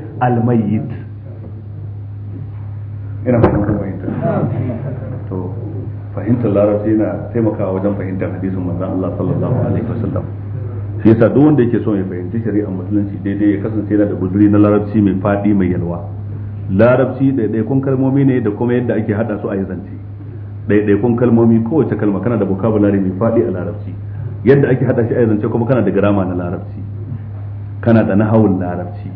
ina ah. to fahimtar larabci yana taimakawa wajen fahimtar hadisin manzon Allah sallallahu alaihi wasallam shi yasa duk wanda yake son ya fahimci shari'a, musulunci daidai ya kasance yana da guduri na larabci mai fadi mai yalwa larabci daidaikun kalmomi ne da kuma yadda ake hada su a yanzance daidaikun kalmomi kowace kalma kana da vocabulary mai fadi a larabci yadda ake hada shi a yanzance kuma kana da girama na larabci kana da nahawun larabci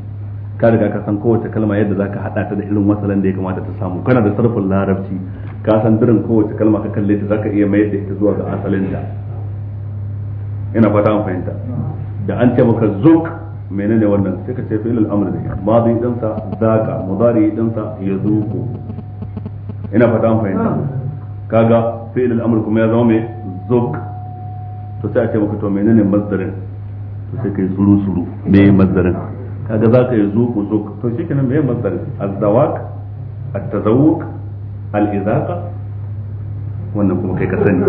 ka riga ka san kowace kalma yadda zaka hada ta da irin masalan da ya kamata ta samu kana da sarfin larabci ka san durin kowace kalma ka kalle ta zaka iya mayar da ita zuwa ga asalinta ina fata an fahimta da an ce maka zuk menene wannan sai ka ce fi al-amr ne madi dan sa zaka mudari dan sa zuku ina fata an fahimta kaga fi al-amr kuma ya zama mai zuk to sai a ce maka to menene masdarin to sai kai suru suru me masdarin kaga zaka ya zuku zuk to shikenan me masdarin az at-tazawwuk al'izaka wannan kuma kai ka sani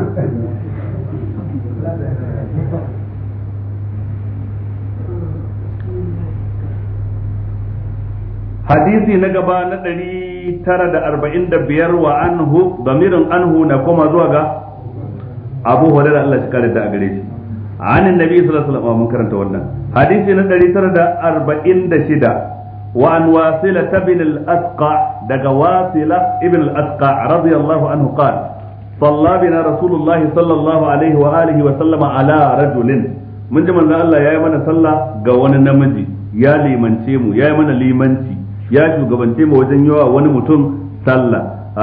hadisi na gaba na ɗari tara da arba'in da biyar wa anhu damirin anhu na koma zuwa ga abu hulalar Allah shi kare da a gare shi عن النبي صلى الله عليه وسلم من كرنت ولنا حديث ندري ترد أربعين دشدة وعن واصلة بن الأسقع daga wasila ibn al-asqa radiyallahu anhu qala صلى بنا رسول الله صلى الله عليه وآله وسلم على رجل من جمع الله يا من صلى قوانا نمجي يا ليمنتي مو يا من ليمنتي يا شو قبنتي مو وزن يوا وانا متون صلى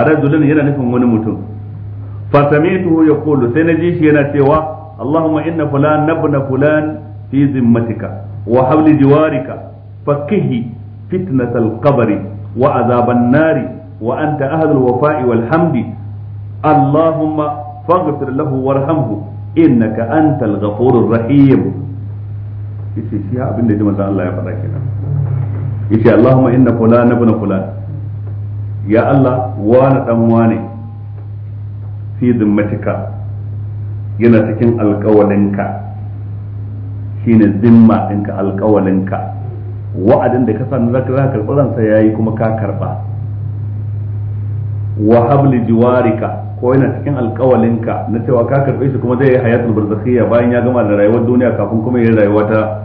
رجل ينا نفهم وانا متون فسمعته يقول سنجيش ينا سوا اللهم إن فلان نبن فلان في ذمتك وحول جوارك فقه فتنة القبر wa azaban nari wa anta ahlul wafa'i wal hamdi allahumma faghfir lahu warhamhu innaka antal ghafurur rahim yace shi abin da manzon Allah ya faɗa kenan yace Allahumma inna fulana ibn fulan ya Allah wani dan wane yana cikin alƙawalinka shine zimma ɗinka alƙawalinka wa'adin da ka sani za ka karɓi ransa ya yi kuma ka karɓa wa habli jiwarika ko yana cikin alƙawalinka na cewa ka karɓe shi kuma zai yi hayatul barzakhiya bayan ya gama da rayuwar duniya kafin kuma ya rayuwa ta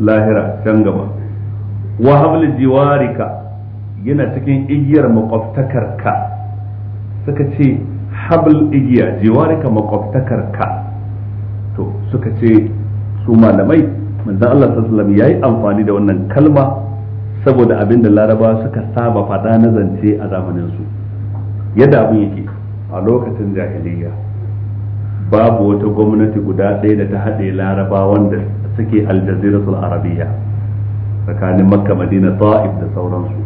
lahira can gaba wa habli jiwarika yana cikin igiyar makwabtakarka suka ce habl igiya jiwarika makwabtakarka to suka ce su malamai manzon Allah sallallahu alaihi yayi amfani da wannan kalma saboda abin da Laraba suka saba fada na zance a zamaninsu su yadda abin yake a lokacin jahiliyya babu wata gwamnati guda ɗaya da ta haɗe Laraba wanda suke aljaziratul arabiyya tsakanin makka madina ta'if da sauransu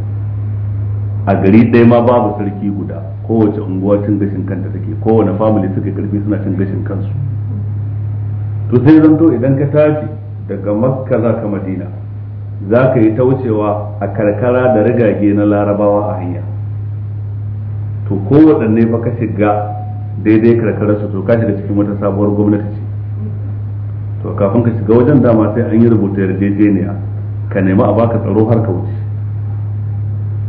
a gari ɗaya ma babu sarki guda kowace unguwa cin gashin kanta take kowane family suke karfi suna cin gashin kansu to sai zanto idan ka tashi daga makka za ka madina za ka yi ta wucewa a karkara da rigage na larabawa a hanya to kowaɗanne fa ka shiga daidai su to ka shiga cikin wata sabuwar gwamnati ce to kafin ka shiga wajen dama sai an yi rubuta yarjejeniya ka nemi a baka tsaro har ka wuce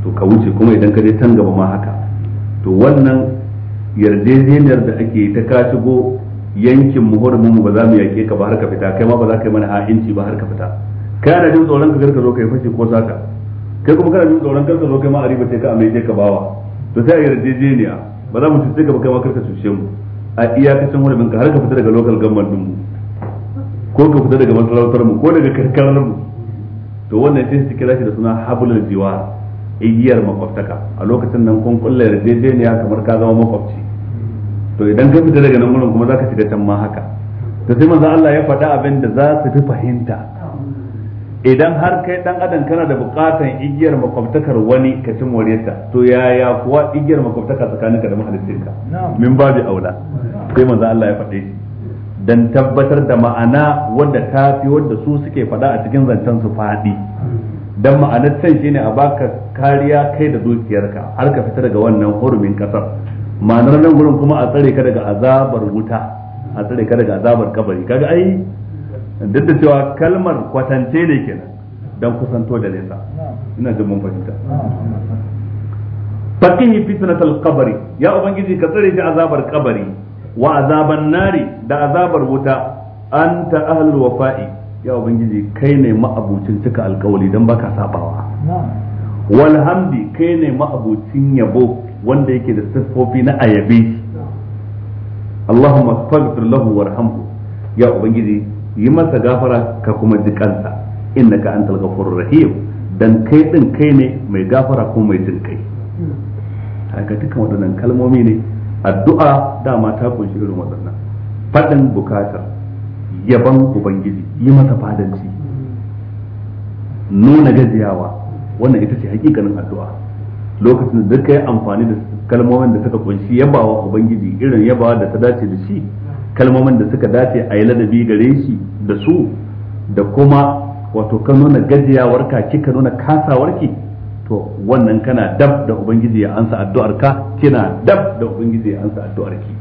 to ka wuce kuma idan ka je can gaba ma haka to wannan yarjejeniyar da ake ta ka shigo yankin mu hurumin mu ba za mu yake ka ba har ka fita kai ma ba za ka yi mana ha'inci ba har ka fita kai ana jin tsoron ka garka zo kai fashi ko zaka kai kuma kana jin tsoron garka zo kai ma a riba ka a mai ka bawa to sai a yarjejeniya ba za mu cuce ka ba kai ma karka cuce mu a iyakacin hurumin ka har ka fita daga lokal gamar din mu ko ka fita daga masarautar mu ko daga karkarar mu to wannan sai su kira shi da suna hablul jiwar igiyar makwabtaka a lokacin nan kun kulla yarjejeniya kamar ka zama makwabci to idan ka fita daga nan gurin kuma za ka shiga can ma haka to sai manzo Allah ya faɗa abin da za su fi fahimta idan har kai dan adam kana da bukatan igiyar makwabtakar wani ka cin wariyarta to yaya kuwa igiyar makwabtaka tsakaninka da ka, min babu aula sai manzo Allah ya faɗe dan tabbatar da ma'ana wadda ta fi wadda su suke faɗa a cikin zancen su faɗi dan ma'anar can shine a baka kariya kai da dukiyarka har ka fita daga wannan hurumin kasar ma'anar nan gurin kuma a tsare ka daga azabar wuta a tsare ka daga azabar kabari kaga ai duk da cewa kalmar kwatance ne kenan dan kusanto da nesa ina jin mun fahimta faqihi fitnatul qabri ya ubangiji ka tsare shi azabar kabari wa azaban nari da azabar wuta anta ahlul wafa'i ya ubangiji kai ne ma'abucin cika alkawali dan baka sabawa Walhamdi kai ne ma'abucin yabo wanda yake da siffofi na ayabe Allahumma astaghfir lahu warhamhu ya ubangiji yi masa gafara ka kuma ji kansa innaka antal ghafurur rahim dan kai din kai ne mai gafara kuma mai jin kai haka dukkan waɗannan kalmomi ne addu'a dama ta kunshi irin waɗannan faɗin bukatar yaban ubangiji yi masa fadanci nuna gajiyawa wannan ita ce hakikanin addu'a lokacin da duka yi amfani da kalmomin da suka kunshi yabawa ubangiji irin yabawa da ta dace da shi kalmomin da suka dace a yi ladabi gare shi da su da kuma wato ka nuna gajiyawar gajiyawarka kika nuna kasawar ki?" to wannan kana dab da ubangiji ya ansa addu'arka kina dab da ubangiji ya ansa addu'arki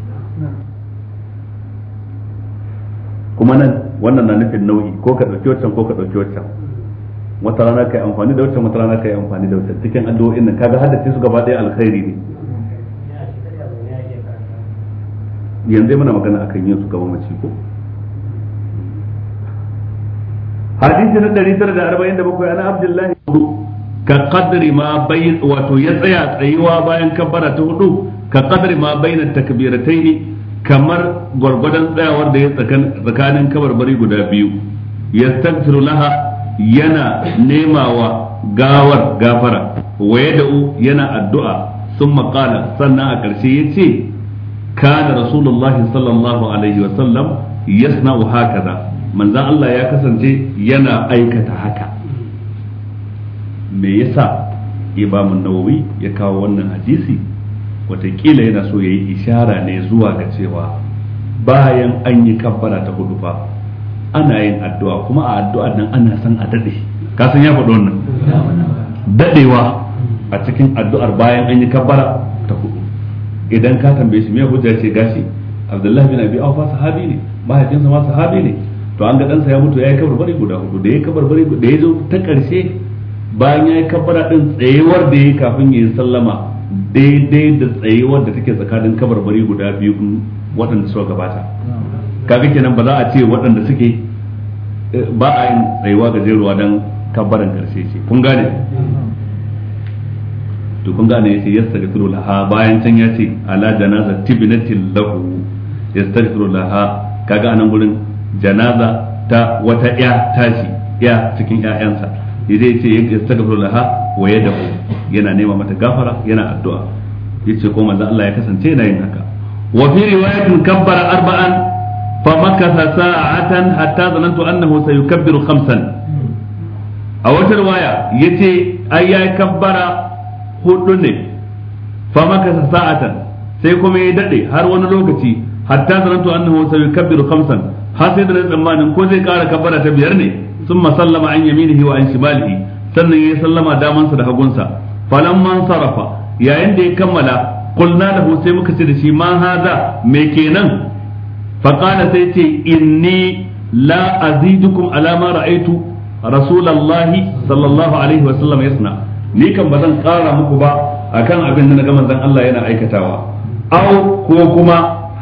kuma nan wannan na nufin nau'i ko ka ɗauki waccan ko ka dauki waccan wata rana kai amfani da wata wata rana kai amfani da wata cikin addu'o'in nan kaga haddace su gaba ɗaya alkhairi ne yanzu muna magana akan yin su gaba mace ko hadisi na 947 ana abdullahi ka qadri ma bai wato ya tsaya tsayuwa bayan kabbara ta hudu ka qadri ma bayna takbirataini kamar gwargwadon tsayawar da ya tsakanin kabarbari guda biyu Ya yastaghfiru laha yana nemawa gawar gafara wa yada'u yana addu'a sun maƙala sannan a ƙarshe ya ce kana rasulullahi sallallahu alaihi wa sallam yasna'u hakaza manzon Allah ya kasance yana aikata haka me yasa Imam Nawawi ya kawo wannan hadisi watakila yana so yayi ishara ne zuwa ga cewa bayan an yi kabbara ta hudu fa ana yin addu'a kuma a addu'a nan ana san a dade ka san ya faɗo wannan dadewa a cikin addu'ar bayan an yi kabbara ta kudu idan ka tambaye shi me hujja ce gashi Abdullahi bin Abi Awfa sahabi ne mahaifinsa ma sahabi ne to an ga ɗansa ya mutu ya yi kabarbari guda hudu da ya kabarbari da ya zo ta ƙarshe bayan ya yi kabara ɗin tsayewar da ya kafin ya yi sallama daidai da tsayewar da take tsakanin kabarbari guda biyu waɗanda suka gabata kaga kenan ba za a ce waɗanda suke eh, ba a yin tsayuwa gajeruwa don kabbaran karshe ce kun gane to kun gane yace yastaghfiru laha bayan can yace ala janaza tibnatil lahu yastaghfiru laha kaga anan gurin janaza ta wata ya tashi ya cikin ƴaƴansa yace yace yastaghfiru laha wa yadahu yana nema mata gafara yana addu'a yace ko manzo Allah ya kasance yana yin haka wa fi riwayatin kabbara arba'an فمكث ساعة حتى ظننت أنه سيكبر خمسا kuma رواية يتي أي كبر lokaci فمكث ساعة سيكم يدري هر ونلوكتي حتى ظننت أنه سيكبر خمسا حسيد الزمان كوزي قال كبر تبيرني ثم سلم عن يمينه وعن شماله sannan ya sallama damansa da hagunsa man sarafa yayin da ya kammala qulna da sai muka ce da shi ma haza me kenan faqala sai ce inni la azidukum ala ma ra'aytu rasulullahi sallallahu alaihi wa sallam yasna ni kan ba zan kara muku ba akan abinda na ga manzon Allah yana aikatawa aw ko kuma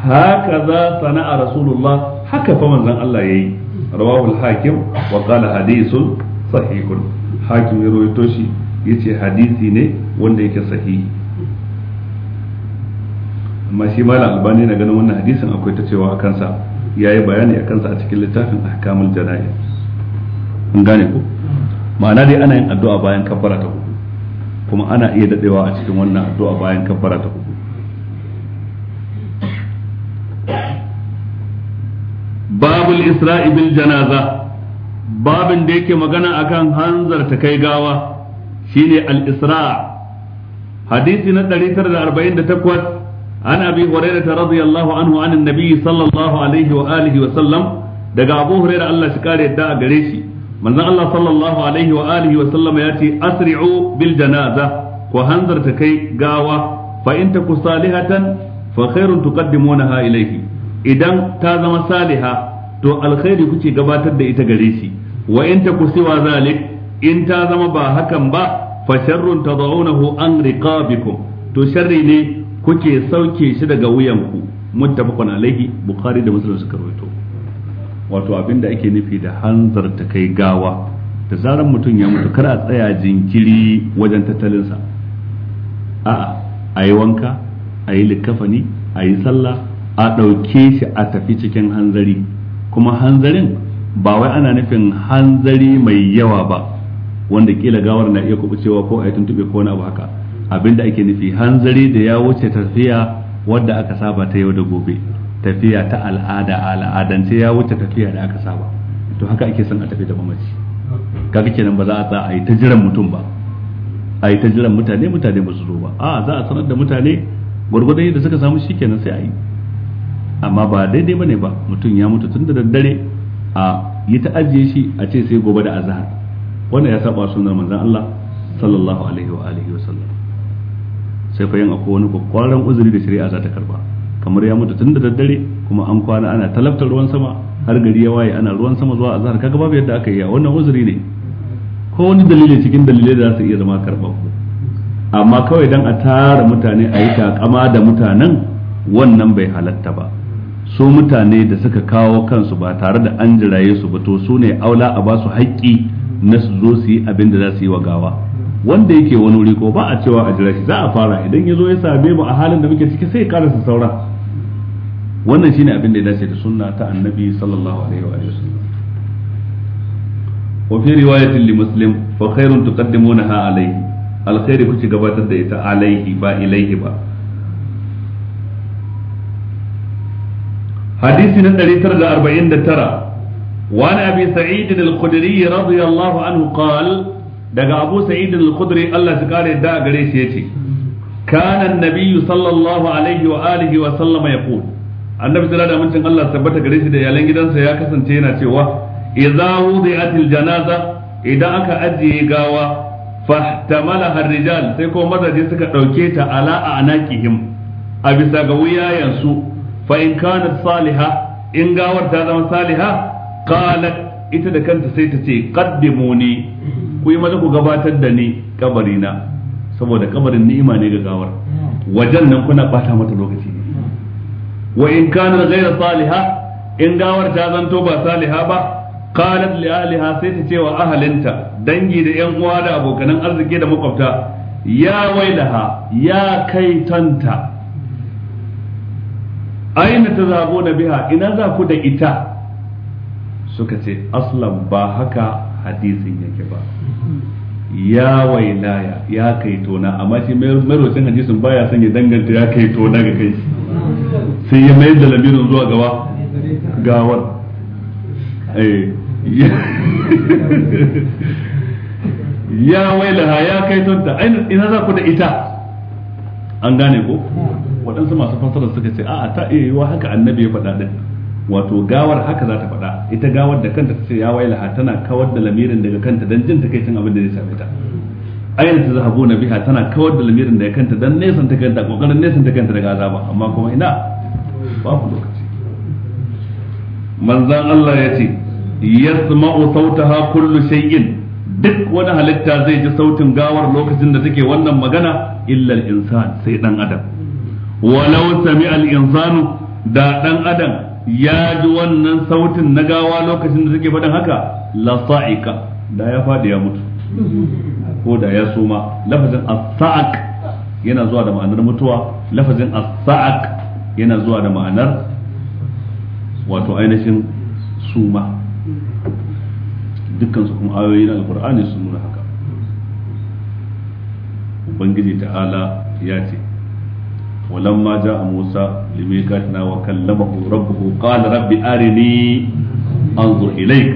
haka za sana'a rasulullah haka fa manzon Allah yayi rawahu al-hakim wa qala hadithun sahihun hakim ya yace hadisi ne wanda yake sahihi amma shi malam albani na ganin wannan hadisin akwai ta cewa a kansa ya yi bayani a kansa a cikin littafin ahkamul jana'i an gane ku ma'ana dai ana yin addu'a bayan kafara ta hudu kuma ana iya dadewa a cikin wannan addu'a bayan kafara ta hudu babul isra'i bil janaza babin da yake magana akan hanzarta kai gawa shine al isra hadisi na 948 an abi hurairah radiyallahu anhu an annabi sallallahu alaihi wa alihi wa sallam daga abu hurairah Allah shi kare yadda a gare shi manzon Allah sallallahu alaihi wa alihi wa sallam ya ce asri'u bil janaza ku hanzarta kai gawa fa ku taku salihatan fa khairun tuqaddimunaha ilayhi idan ta zama saliha to alkhairi kuke gabatar da ita gare shi wa in taku siwa zalik in ta zama ba hakan ba fa sharrun tad'unahu an riqabikum to sharri ne kuke sauke shi daga wuyanku muttafaqun alaihi bukhari da muslim suka rawaito wato da ake nufi da hanzar ta kai gawa da zaran mutum ya mutu kar a tsaya jinkiri wajen tattalinsa. sa a'a a yi wanka a yi likafani a yi sallah a ɗauke shi a tafi cikin hanzari kuma hanzarin ba wai ana nufin hanzari mai yawa ba wanda kila gawar na iya kubucewa ko a yi tuntuɓe ko wani abu haka abinda ake nufi hanzari da ya wuce tafiya wadda aka saba ta yau da gobe tafiya ta al'ada al'adance ya wuce tafiya da aka saba to haka ake son a tafi da mamaci kaga kenan ba za a tsaya a yi ta jiran mutum ba a yi ta jiran mutane mutane ba su zo ba a za a sanar da mutane gwargwadon yadda suka samu shi kenan sai a yi amma ba daidai bane ba mutum ya mutu tun da daddare a yi ta ajiye shi a ce sai gobe da azahar wannan ya saba sunan manzon Allah sallallahu alaihi wa alihi wa sallam sai fa yin akwai wani kwakwaran uzuri da shari'a za ta karba kamar ya mutu tun da daddare kuma an kwana ana talabtar ruwan sama har gari ya waye ana ruwan sama zuwa azhar kaga babu yadda aka yi wannan uzuri ne ko wani dalili cikin dalilai da za su iya zama karba ku amma kawai dan a tara mutane a yi takama da mutanen wannan bai halatta ba su mutane da suka kawo kansu ba tare da an jiraye su ba to su ne aula a ba su haƙƙi na su zo su yi abin da za su yi wa gawa wanda yake wani wuri ko ba a cewa a jira shi za a fara idan ya zo ya same mu a halin da muke ciki sai ya karasa saura. wannan shine abin da ya dace da sunna ta annabi sallallahu alaihi wa sallam wa fi riwayatin li muslim fa khairun tuqaddimunaha alayhi alkhairi kuke gabatar da ita 'Alaihi ba ilaihi ba hadisi na 149 وعن ابي سعيد الخدري رضي الله عنه قال daga Abu Sa'id al-Khudri Allah ya kare da gare shi yace kana an-nabiyyu sallallahu alaihi wa alihi wa sallama yaqul annabi sallallahu alaihi wasallam Allah tabbata gare shi da iyalan gidansa ya kasance yana cewa idza wudi'atil janaza idan aka ajiye gawa fahtamalaha ar-rijal sai ko mazaje suka dauke ta ala anaqihim a bisa ga wuyayensu fa in kanat in gawar ta zama saliha qalat ita da kanta sai ta ce qaddimuni ku yi maza ku gabatar da ni kabari na saboda kabarin ni'ima ne ga gawar wajen nan kuna bata mata lokaci wa in kana ghayra saliha in gawar ta zanto ba saliha ba qalat li ahliha sai ta ce wa ahalinta dangi da yan uwa da abokan arziki da makwabta ya wailaha ya kai tanta aina ta zabo na biha ina za ku da ita suka ce aslan ba haka hadisin yake ba mhm. ya laya ya kai tona amma shi rocin hadisin baya son ya danganta ya kai tona ga kai sai ya mayar da lamirin zuwa gawa gawar eh. ya laha ya kai tonta ina za ku da ita an gane ko hmm. waɗansu masu fasarar suka ce a'a ta iya yiwa haka annabi ya faɗa ɗin wato gawar haka za ta faɗa ita gawar da kanta ta ce ya wailaha tana kawar da lamirin daga kanta dan jin takaicin abin da zai same ta ayyana ta zahabu na biha tana kawar da lamirin daga kanta dan nesan ta kanta kokarin nesan ta kanta daga azaba amma kuma ina babu lokaci manzan Allah ya ce yasma'u sautaha kullu shay'in duk wani halitta zai ji sautin gawar lokacin da take wannan magana illa al-insan sai dan adam walau sami al-insanu da dan adam ya ji wannan sautin na gawa lokacin da suke faɗin haka la sa'ika da ya faɗi ya mutu ko da ya suma lafazin as-sa'aq yana zuwa da ma'anar mutuwa lafazin as-sa'aq yana zuwa da ma'anar wato ainihin suma dukkan su kuma ayoyi na alqur'ani sun nuna haka ubangiji ta'ala ya ce ولما جاء موسى لميقاتنا وكلمه ربه قال رب أرني أنظر إليك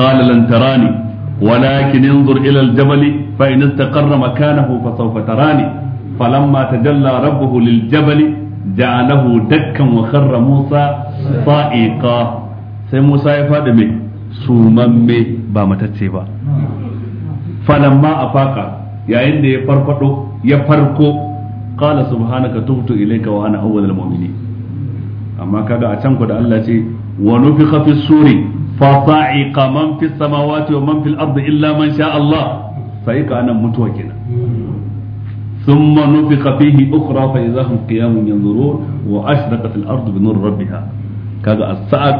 قال لن تراني ولكن انظر إلى الجبل فإن استقر مكانه فسوف تراني فلما تجلى ربه للجبل جعله دكا وخر موسى صائقا sai Musa ya faɗi mai sumamme ba matacce ba falamma afaka yayin da ya farfado ya farko qala subhanaka tubtu ilayka wa ana awwalul mu'minin amma kaga a can ku da Allah ce wa nufikha fi suri fa sa'iqa man fi samawati wa man fil ardi illa man sha Allah sai ka anan mutuwa kenan ثم نفخ فيه أخرى فإذا هم قيام ينظرون وأشرقت الأرض بنور ربها كذا السعد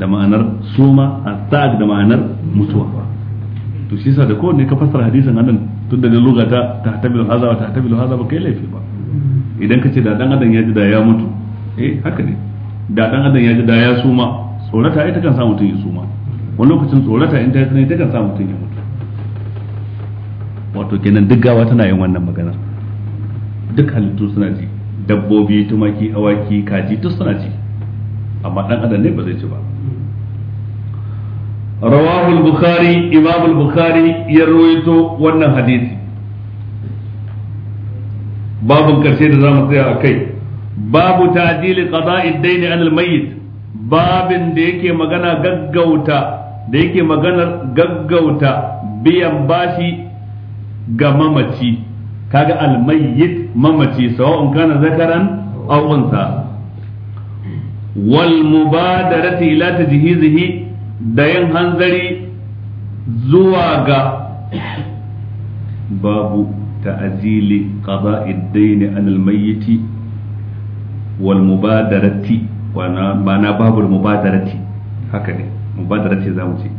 da ma'anar suma a sa'ad da ma'anar mutuwa to shi yasa da kowanne ka fassara hadisin anan tunda ne lugata ta tabilu haza wa ta tabilu haza ba kai laifi ba idan ka ce da dan adam ya ji da ya mutu eh haka ne da dan adam ya ji da ya suma tsorata ita kan sa mutun ya suma wani lokacin tsorata in ta yi ta kan sa mutun ya mutu wato kenan duk gawa tana yin wannan magana duk halittu suna ji dabbobi tumaki awaki kaji duk suna ji amma dan adam ne ba zai ci ba rawahu al-bukhari imam al-bukhari ya rawaito wannan hadisi babun karshe da zamu tsaya akai babu ta'dil qada'i ad-dayn 'ala al-mayyit babin da yake magana gaggauta da yake maganar gaggauta biyan bashi ga mamaci kaga al-mayyit mamaci sawa'un kana zakaran aw unsa wal mubadarati ila tajhizihi da yin hanzari zuwa ga babu ta'azili qada'id dayn an al wal mubadarati ma'ana babu mubadarati haka ne mubadarati zamu ce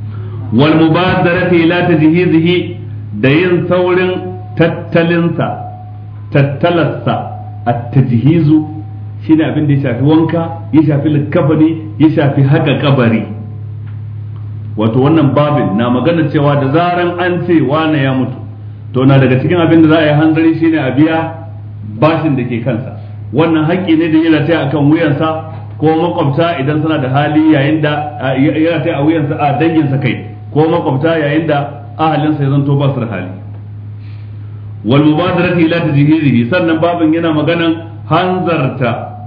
wal mubadarati tajhizihi da yin saurin tattalinsa tattalarsa at-tajhizu shine abin da ya shafi wanka ya shafi likafani ya shafi haka kabari wato wannan babin na magana cewa da zaran an ce wane ya mutu to na daga cikin abin da za a yi hanzari shine a biya bashin da ke kansa wannan haƙƙi ne da ya taya akan wuyansa ko makwabta idan suna da hali yayin da yana taya a wuyansa a danginsa kai ko makwabta yayin da ahalinsa ya zanto ba su da hali wal mubadarati ila tajhizihi sannan babin yana maganan hanzarta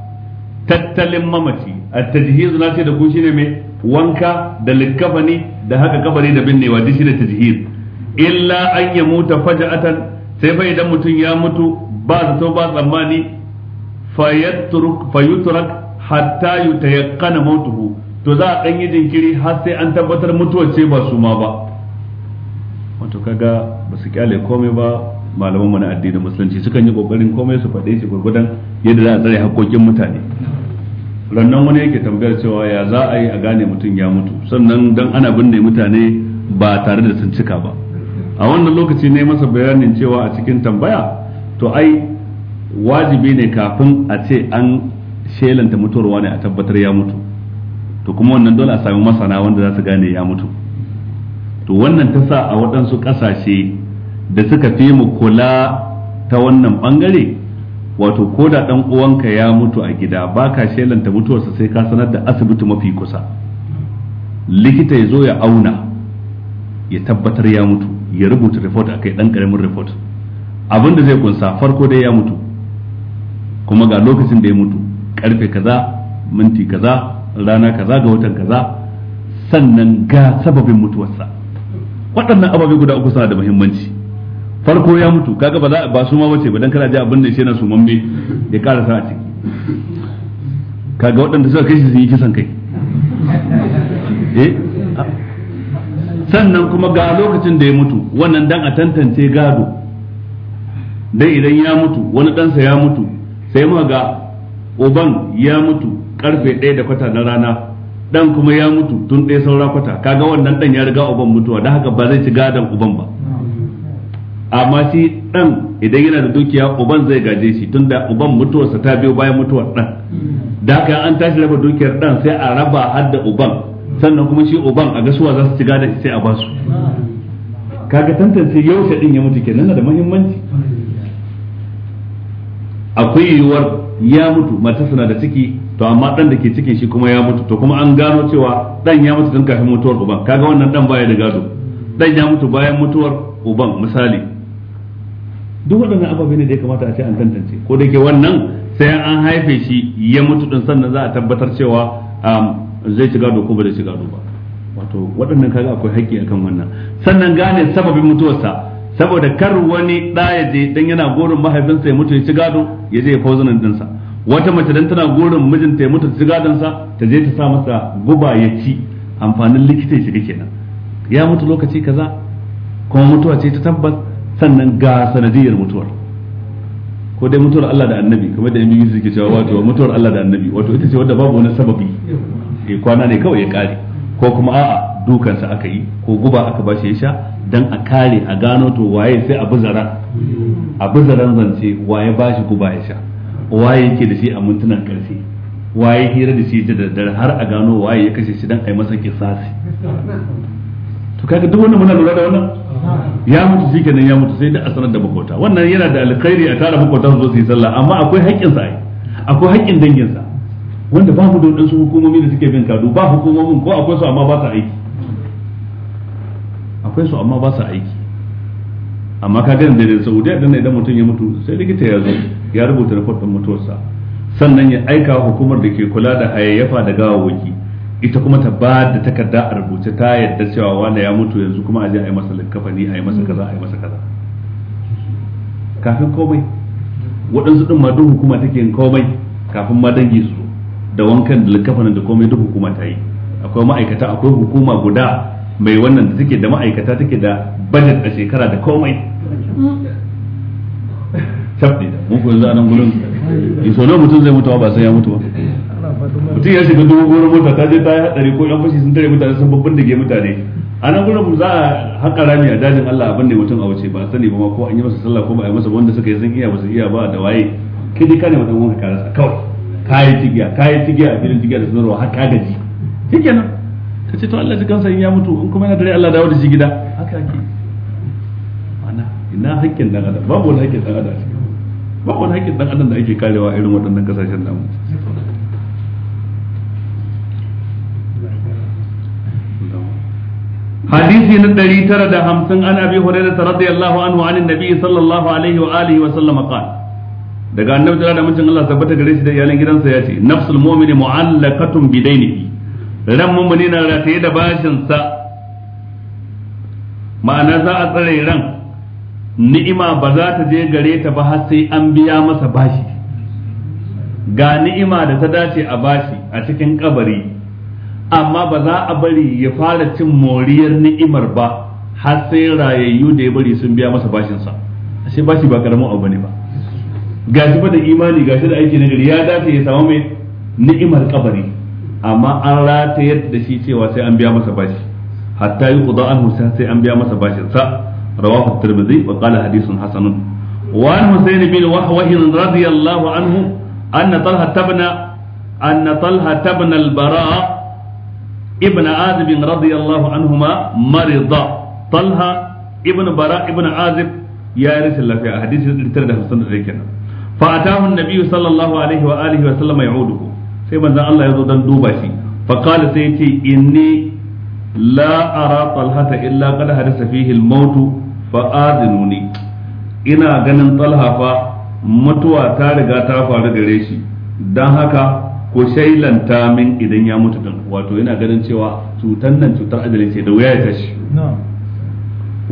tattalin mamaci at-tajhiz na ce da ku shine mai wanka da likkafani da haka kabari da binnewa duk shine tajhir illa an ya muta faja'atan sai fa idan mutum ya mutu ba to ba tsammani fayatruk fayutrak hatta yutayaqqana mautuhu to za a dan yi jinkiri har sai an tabbatar mutuwar ce ba su ma ba wato kaga ba su kyale komai ba malaman mu na addinin musulunci sukan yi kokarin komai su faɗe shi gurgudan yadda za a tsare hakokin mutane rannan wani yake tambayar cewa ya za a yi a gane mutum ya mutu sannan don ana binne mutane ba tare da sun cika ba a wannan lokaci ne masa bayanin cewa a cikin tambaya to ai wajibi ne kafin a ce an shelanta mutuwarwa ne a tabbatar ya mutu to kuma wannan dole a sami masana wanda za su gane ya mutu to wannan ta sa a waɗansu ƙasashe da suka fi mu kula ta wannan ɓangare wato ko da dan uwanka ya mutu a gida ba ka shelanta mutuwarsa sai ka sanar da asibiti mafi kusa likita ya zo ya auna ya tabbatar ya mutu ya rubuta report akai dan karamin report abin da zai kunsa farko dai ya mutu kuma ga lokacin da ya mutu karfe kaza minti kaza rana kaza ga watan kaza sannan ga sababin mutuwarsa waɗannan ababe guda uku suna da muhimmanci farko ya mutu kaga ba za ba su ma wace ba dan kana ji abin da na su ya karasa a ciki kaga waɗanda suka kashe yi kisan kai eh sannan kuma ga lokacin da ya mutu wannan dan a tantance gado dai idan ya mutu wani ɗansa ya mutu sai mu ga uban ya mutu karfe ɗaya da kwata na rana dan kuma ya mutu tun ɗaya saura kwata kaga wannan dan ya riga uban mutuwa dan haka ba zai ci gadon uban ba amma shi dan idan yana da dukiya uban zai gaje shi tunda uban mutuwarsa ta biyo bayan mutuwar dan da haka an tashi raba dukiyar dan sai a raba har da uban sannan kuma shi uban a gasuwa za su ci gada sai a basu kaga tantance yau sai din ya mutu kenan da muhimmanci akwai yiwuwar ya mutu mata na da ciki to amma dan da ke cikin shi kuma ya mutu to kuma an gano cewa dan ya mutu tun kafin mutuwar uban kaga wannan dan baya da gado dan ya mutu bayan mutuwar uban misali duk waɗannan ababe ne da ya kamata a ce an tantance ko da ke wannan sai an haife shi ya mutu din sannan za a tabbatar cewa um, zai ci gado ko ba zai ci gado ba wato waɗannan kaga akwai haƙƙi akan wannan sannan gane sababin mutuwarsa saboda kar wani ɗa ya je dan yana gurin mahaifinsa ya mutu ya ci gado ya je ya zanen dinsa wata mace dan tana gurin mijinta ya mutu ta ci gadon sa ta je ta sa masa guba ya ci amfanin likita ya shiga kenan ya mutu lokaci kaza kuma mutuwa ce ta tabbas sannan ga sanadiyar mutuwar ko dai mutuwar Allah da annabi kamar da yanzu suke cewa wato mutuwar Allah da annabi wato ita ce wadda babu wani sababi eh kwana ne kawai ya kare ko kuma a'a dukansa aka yi ko guba aka shi ya sha dan a kare a gano to waye sai a buzara a buzaran zance waye bashi guba ya sha waye yake da shi a mintunan karshe waye hira da shi da daddare har a gano waye ya kashe shi dan a yi masa kisasi to kaga duk wannan muna lura da wannan ya mutu shi kenan ya mutu sai da a sanar da makota wannan yana da alkhairi a tara makota su yi sallah amma akwai haƙƙin sa akwai haƙƙin dangin sa wanda ba mu da wadansu hukumomi da suke bin kadu ba hukumomin ko akwai su amma ba sa aiki akwai su amma ba sa aiki amma ka gani da saudiya dan idan mutum ya mutu sai likita ya zo ya rubuta report mutuwarsa sannan ya aika hukumar da ke kula da hayayyafa da gawawwaki ita kuma ta ba da takarda a rubuce ta yadda cewa wanda ya mutu yanzu kuma a je a yi masa likafani a yi masa kaza a yi masa kaza kafin komai waɗansu ɗin ma duk hukuma take yin komai kafin ma dangi su da wankan da likafanin da komai duk hukuma ta yi akwai ma'aikata akwai hukuma guda mai wannan da take da ma'aikata take da budget a shekara da komai tabbi mun ko yanzu a nan gurin iso mutum zai mutuwa ba sai ya mutu ba mutum ya shiga dubu goma mota ta je ta yi hadari ko yan fashi sun tare mutane sun babban da ke mutane a nan gurin za a haƙa rami a dajin Allah abin ne mutum a wuce ba sani ba ma ko an yi masa sallah ko ba a yi masa wanda suka yi sun iya ba su iya ba da waye kai dai ka ne mutum wanka sa kawai kayi tigiya kayi tigiya a filin tigiya da sanarwa har ka gaji shikenan ka ce to Allah ji kansa in ya mutu in kuma yana dare Allah dawo da shi gida haka ake ma'ana ina hakkin dan adam babu wani hakkin dan adam babu wani hakkin dan adam da ake karewa irin waɗannan kasashen namu hadisi na 950 an abi hurairah radiyallahu anhu anin nabi sallallahu alaihi wa alihi wa sallam qala daga annabi da mutum Allah tabbata gare shi da iyalan gidansa ya ce nafsul mu'mini mu'allaqatun bidainihi ran mu'mini na rataye da bashin sa ma'ana za a tsare ran ni'ima ba za ta je gare ta ba har sai an biya masa bashi ga ni'ima da ta dace a bashi a cikin kabari amma ba za a bari ya fara cin moriyar ni'imar ba har sai rayayyu da ya bari sun biya masa bashinsa Sai bashi ba karamin abu ne ba ga ba da imani shi da aiki nagari ya dace ya samu mai ni'imar kabari amma an ratayar da shi cewa sai an biya masa bashi hatta yi kuda an husa sai an biya masa bashinsa. sa rawahu wa qala hadisun hasanun wa an husayn bin wahwah radiyallahu anhu anna talha tabna anna talha tabna al-bara' ibn azib radiyallahu anhuma marida talha ibn bara ibn azib ya yi rashin lafiya a hadisi 951 kenan fa atahu an-nabi sallallahu alaihi wa alihi wa sallama ya'uduhu sai manzon Allah ya zo dan duba shi fa qala sai yace inni la ara talhata illa qad hadasa fihi al-maut fa adinuni ina ganin talha fa mutuwa ta riga ta faru gare shi dan haka ko shailanta min idan ya mutu din wato yana ganin cewa cutar nan cutar ajali ce da wuya ya tashi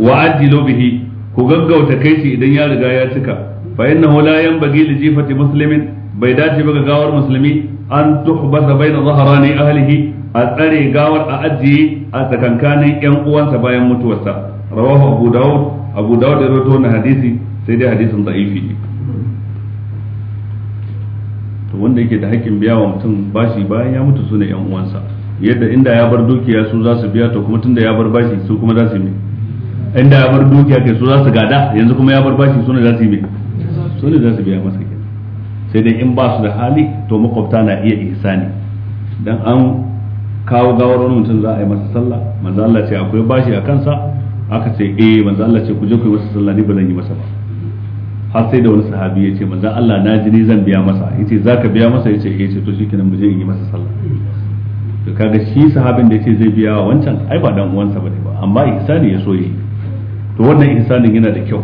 wa adilu bihi ku gaggauta kai shi idan ya riga ya cika fa innahu la yanbaghi li jifati muslimin bai dace ba ga gawar musulmi an tuhbasa baina zahrani ahlihi a tsare gawar a ajiye a tsakankanin yan uwansa bayan mutuwarsa rawahu abu dawud abu dawud ya rawato na hadisi sai dai hadisin da'ifi to wanda yake da haƙƙin biya wa mutum bashi bayan ya mutu sune yan uwansa yadda inda ya bar dukiya su za su biya to kuma tunda ya bar bashi su kuma za su yi inda ya bar dukiya kai su za su gada yanzu kuma ya bar bashi su ne za su yi su ne za su biya masa kenan sai dai in ba su da hali to makwabta na iya ihsani dan an kawo gawar wani mutum za a yi masa sallah manzo Allah ce akwai bashi a kansa aka ce eh manzo Allah ce ku je ku yi masa sallah ni ba zan yi masa ba har sai da wani sahabi ya ce manzan Allah na jini zan biya masa Ya ce za ka biya masa Ya ce eh ce to shi kenan mu je in yi masa sallah to kaga shi sahabin da ya ce zai biya wa wancan ai ba dan uwansa bane ba amma ihsani ya so yi to wannan ihsanin yana da kyau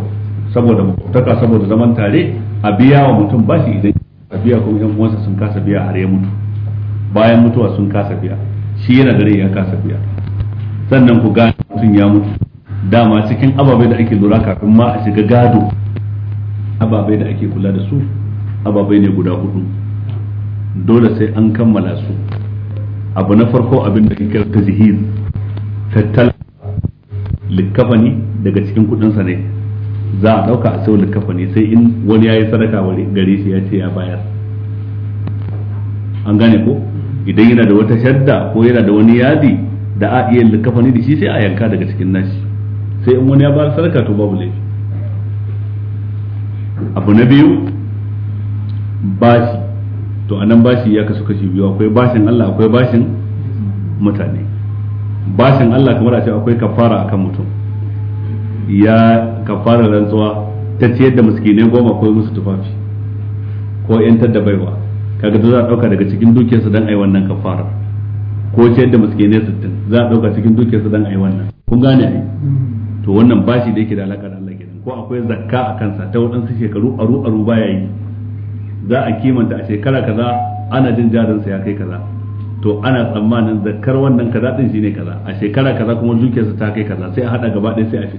saboda mutaka saboda zaman tare a biya wa mutum bashi idan a biya kuma yan uwansa sun kasa biya har ya mutu bayan mutuwa sun kasa biya shi yana gare ya kasa biya sannan ku gane mutum ya mutu dama cikin ababai da ake lura kafin ma a shiga gado ababai da ake kula da su ababai ne guda hudu dole sai an kammala su abu na farko abin da ta zihir tattala likafani daga cikin kudinsa ne za a dauka a sau likafani sai in wani ya yi sadaka gare shi ya ce ya bayar an gane ko idan yana da wata shadda ko yana da wani yadi da a iya likafani da shi sai a yanka daga cikin nashi sai in wani ya bayar sadaka to babu laifi abu na biyu bashi to anan bashi ya kasu kashi biyu akwai bashin Allah akwai bashin mutane bashin Allah kamar a ce akwai kafara akan mutum ya kafara rantsuwa ta ciyar da miskinai goma ko musu tufafi ko yantar da baiwa kaga za a dauka daga cikin dukiyarsa dan ai wannan kafara ko ciyar da miskinai 60 za a dauka cikin dukiyarsa dan ai wannan kun gane ai to wannan bashi da yake da alaka da Allah ko akwai zakka a kansa ta waɗansu shekaru aru aru baya yi za a kimanta a shekara kaza ana jin jarinsa ya kai kaza to ana tsammanin zakkar wannan kaza din shine kaza a shekara kaza kuma dukiyarsa ta kai kaza sai a hada gaba ɗaya sai a fi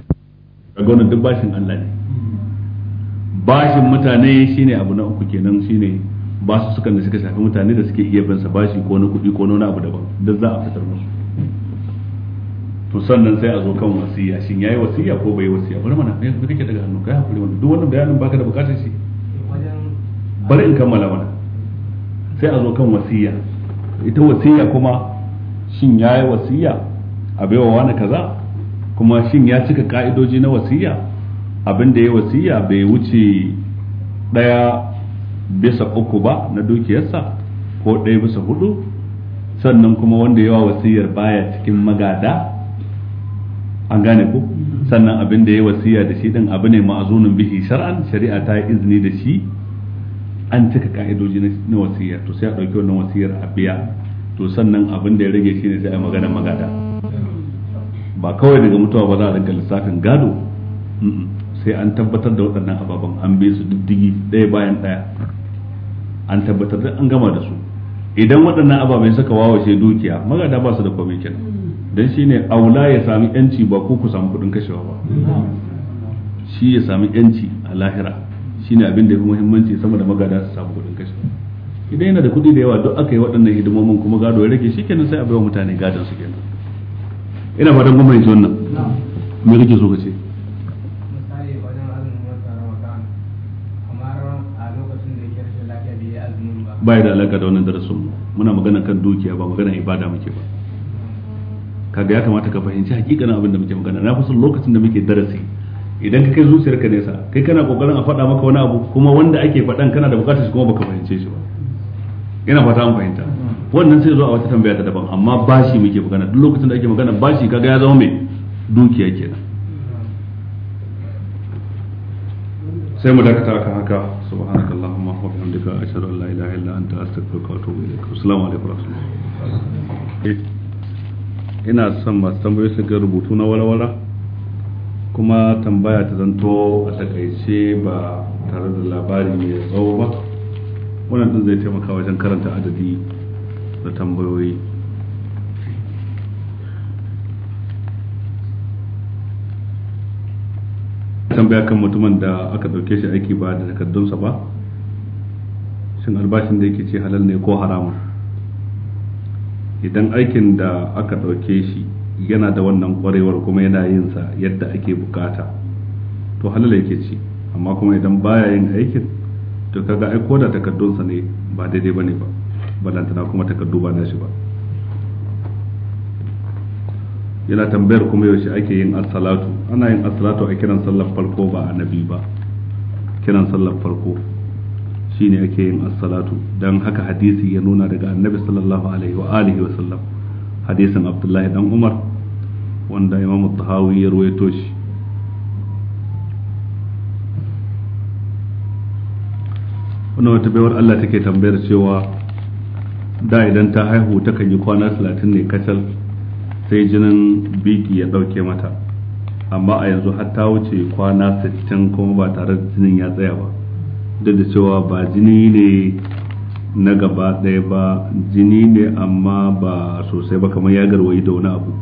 ga wannan duk bashin Allah ne bashin mutane shine abu na uku kenan shine basu sukan da suka shafi mutane da suke iya bin sa bashi ko na kuɗi ko na abu daban duk za a fitar musu to sannan sai a zo kan wasiya shin yayi wasiya ko bai wasiya bari mana ne? yanzu kake daga hannu kai hakuri wannan duk wannan bayanin baka da bukatar shi bari in kammala mana sai a zo kan wasiya ita wasiya kuma shin yayi wasiya a baiwa wani kaza kuma shin ya cika ka'idoji na wasiya abin da ya wasiya bai wuce daya bisa uku ba na dukiyarsa ko daya bisa hudu sannan kuma wanda yawa wasiyar baya cikin magada an gane ku sannan abin da ya wasiya da shi din abu ne ma'azunin bihi shar'an shari'a ta yi izini da shi an cika ka'idoji na wasiyar to sai a ɗauki wannan wasiyar a biya to sannan abin da ya rage shi ne sai a magana magada ba kawai daga mutuwa ba za a rinka lissafin gado sai an tabbatar da waɗannan ababen an bi su diddigi ɗaya bayan ɗaya an tabbatar da an gama da su idan waɗannan ababen suka wawashe dukiya magada ba su da komai kenan dan ne aula ya sami yanci ba ko ku samu kudin kashewa ba shi ya sami yanci a lahira shi ne abin da fi muhimmanci sama da magada su samu kudin kashewa idan yana da kudi da yawa duk aka yi waɗannan hidimomin kuma gado ya rage shikenan sai a bai wa mutane gadon su kenan ina fatan kuma yanzu wannan me kake so ka ce bai da alaka da wannan darasin muna magana kan dukiya ba magana ibada muke ba kaga ya kamata ka fahimci hakikanin abin da muke magana na fi son lokacin da muke darasi idan ka kai ka nesa kai kana kokarin a faɗa maka wani abu kuma wanda ake faɗan kana da bukatar shi kuma baka fahimce shi ba ina fata an fahimta wannan sai zo a wata tambaya ta daban amma bashi muke magana duk lokacin da ake magana bashi kaga ya zama mai dukiya kenan sai mu dakata kan haka subhanakallahumma wa bihamdika ashhadu an la ilaha illa anta astaghfiruka wa atubu ilaik assalamu alaikum warahmatullahi ina son masu tambayoyi su ga rubutu na walwala kuma tambaya ta zanto a takaice ba tare da labari mai tsawo ba wannan din zai taimaka wajen karanta adadi da tambayoyi tambaya kan mutumin da aka dauke shi aiki ba da takardunsa ba shin albashin da yake ce halal ne ko haramun idan aikin da aka ɗauke shi yana da wannan ƙwarewar kuma yana yin sa yadda ake bukata to halala yake ci amma kuma idan baya yin aikin to kaga ai koda takaddunsa ne ba daidai bane ba balantana kuma takaddu ba nashi ba yana tambayar kuma yaushe ake yin asalatu. ana yin asalatu a kiran sallar farko ba a ba kiran sallar farko shine ake yin as-salatu dan haka hadisi ya nuna daga annabi sallallahu alaihi wa alihi wa sallam hadisin abdullahi dan umar wanda imam tahawi ya ruwaito shi wannan wata baiwar Allah take tambayar cewa da idan ta haihu ta kan yi kwana 30 ne kacal sai jinin biki ya dauke mata amma a yanzu har ta wuce kwana 60 kuma ba tare da jinin ya tsaya ba duk da cewa ba jini ne na gaba ɗaya ba jini ne amma ba sosai ba kamar ya garwayi da wani abu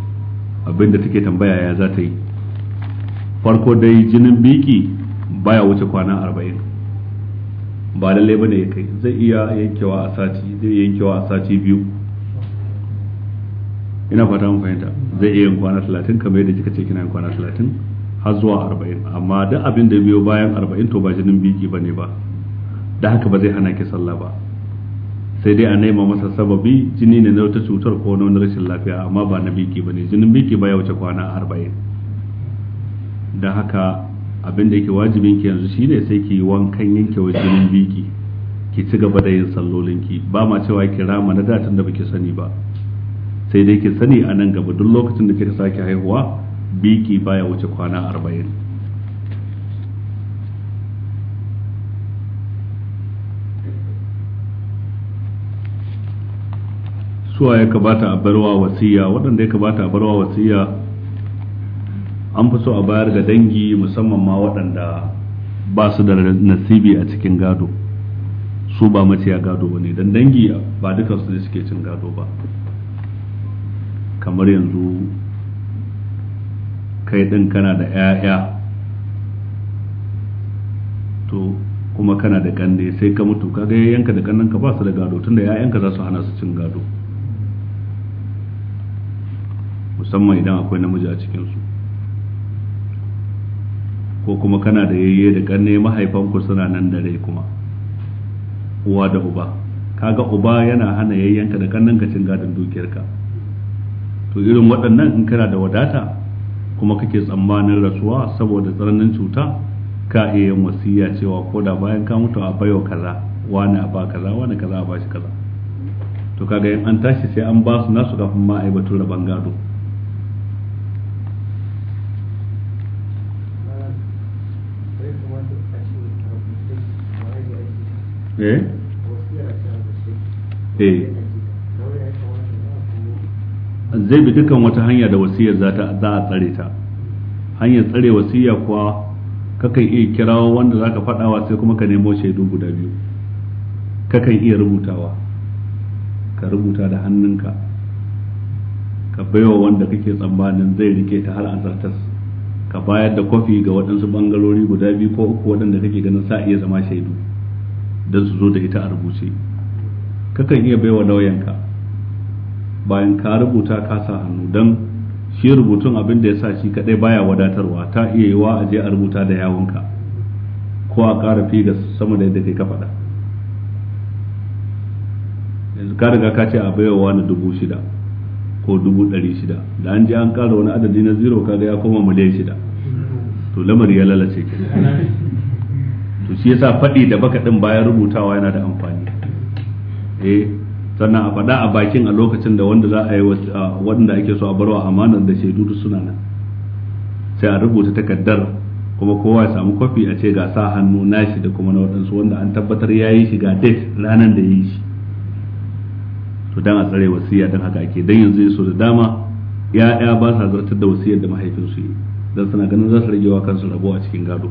abinda take tambaya ya za ta yi farko dai jinin biki baya wuce kwana arba'in ba lallai ne ya kai zai iya yankewa a sati zai yankewa a sati biyu ina fata mun fahimta zai iya yin kwana talatin kamar yadda kika ce kina yin kwana talatin har zuwa arba'in amma duk abin da biyo bayan arba'in to ba jinin biki ba ne ba da haka ba zai hana ki sallah ba sai dai a nema masa sababi jini ne na wata cutar ko na wani rashin lafiya amma ba na biki ba ne jinin biki ba ya wuce kwana arba'in da haka abin da yake wajibin ki yanzu shine sai ki yi wankan yanke wa jinin biki ki ci gaba da yin sallolin ki ba ma cewa ki rama na datin da baki sani ba sai dai ki sani a nan gaba duk lokacin da kika sake haihuwa biki baya wuce kwana arba'in suwa ya kamata a barwa wasiya waɗanda ya kamata a barwa wasiya an fi so a bayar ga dangi musamman ma waɗanda ba su da nasibi a cikin gado su ba maciya gado ba ne don dangi ba duka ne suke cin gado ba kamar yanzu kai ɗin kana da 'ya'ya to kuma kana da ganne sai ka mutu kaga yanka da ka ba su da gado tunda 'ya'yanka za su hana su cin gado musamman idan akwai namiji a cikinsu ko kuma kana da yayye da ƙanne mahaifanku suna nan da rai kuma uwa da uba kaga uba yana hana yayyanka da ka cin gadon dukiyarka to irin waɗannan in kana da wadata kuma kake tsammanin rasuwa saboda tsananin cuta ka iya wasiya cewa ko da bayan ka mutu a baiwa kaza wani a ba kaza wani kaza a ba shi kaza to kaga in an tashi sai an ba su nasu kafin ma a rabon gado Eh? eh zai bi dukkan wata hanya da wasiyar za a tsare ta hanyar tsare wasiya kuwa kakan iya kirawo wanda zaka faɗawa sai kuma ka nemo shaidu guda biyu kakan iya rubutawa ka rubuta da hannunka ka baiwa wanda kake tsammanin zai rike ta har azartas ka bayar da kwafi ga waɗansu bangarori guda biyu ko uku waɗanda kake ganin sa iya zama shaidu don su zo da ita a rubuce kakan iya baiwa lauyanka bayan ka rubuta ka sa hannu don shi rubutun abin da ya sa shi kadai baya wadatarwa ta iya yiwa a je a rubuta da yawonka ko a ƙara ga sama da yadda kai ka faɗa yanzu ka riga ka ce a baiwa na dubu shida ko dubu ɗari shida da an je an ƙara wani adadi na zero kaga ya koma miliyan shida to lamari ya lalace to shi yasa faɗi da baka ɗin bayan rubutawa yana da amfani eh sannan a faɗa a bakin a lokacin da wanda za a yi wanda ake so a barwa amanar da shaidu da suna nan sai a rubuta takardar kuma kowa ya samu kwafi a ce ga sa hannu nashi da kuma na waɗansu wanda an tabbatar ya yi shi ga date ranar da ya yi shi to dan a tsare wasiya dan haka ake dan yanzu so da dama ya'ya ba sa zartar da wasiyar da mahaifinsu yi dan suna ganin za su rage wa kansu rabo a cikin gado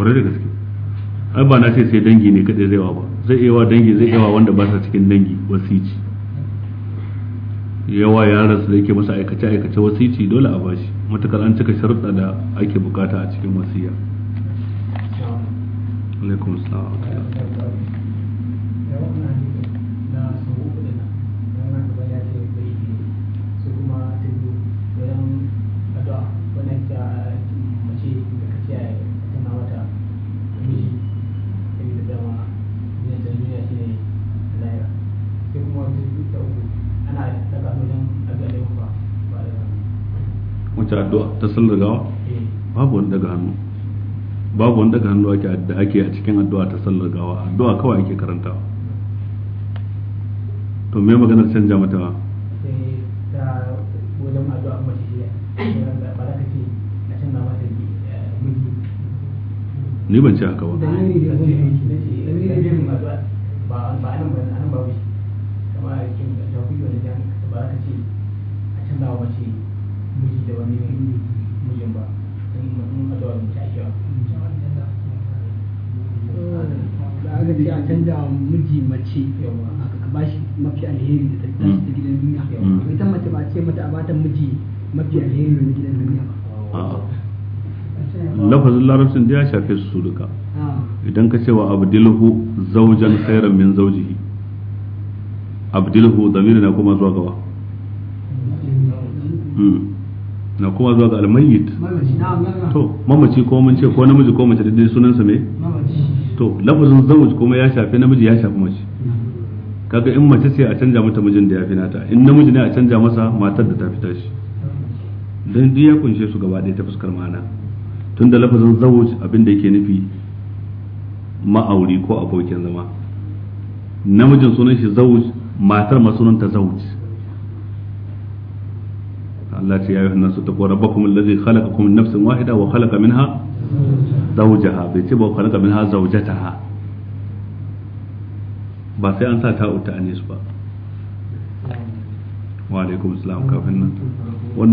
kwarai da gaske ai ba na ce sai dangi ne kadai zai wa ba zai iya wa dangi zai iya wa wanda ba sa cikin dangi wasici yawa yaran su da yake masa aikace aikace wasici dole a bashi matakar an cika sharuɗa da ake bukata a cikin wasiya alaikum ta addu'a ta sallar gawa babu wani daga hannu babu wani daga hannu da ake a cikin addu'a ta sallar gawa addu'a kawai ake karantawa to me maganar canja mata eh, eh, ni ban ce haka ba ba ba mijin ba in mutum a zuwa mace ake ba aka ce a canja wa miji mace aka ba shi mafi alheri da ta tashi da gidan duniya ita mace ba ce mata a ta miji mafi alheri da gidan duniya ba lafazin larabcin da ya shafe su duka idan ka ce wa abdilhu zaujan khairan min zaujihi abdilhu zamiri na kuma zuwa gaba na kuma zuwa ga almayyit to mamaci ko mun ce ko namiji ko mace da sunansa me to lafazin zawj kuma ya shafi namiji ya shafi mace kaga in mace ce a canja mata mijin da ya fi nata in namiji ne a canja masa matar da ta fi tashi dan duk ya kunshe su gaba ɗaya ta fuskar mana tunda lafazin zawj abin da yake nufi ma'auri ko abokin zama namijin sunan shi zawj matar ma sunan ta zawj Allah ce ya yi nasu ta الذي خلقكم من نفس min وخلق منها زوجها khalaqa minha zawjaha bai ce ba khalaqa minha zawjataha ba sai an sa anis ba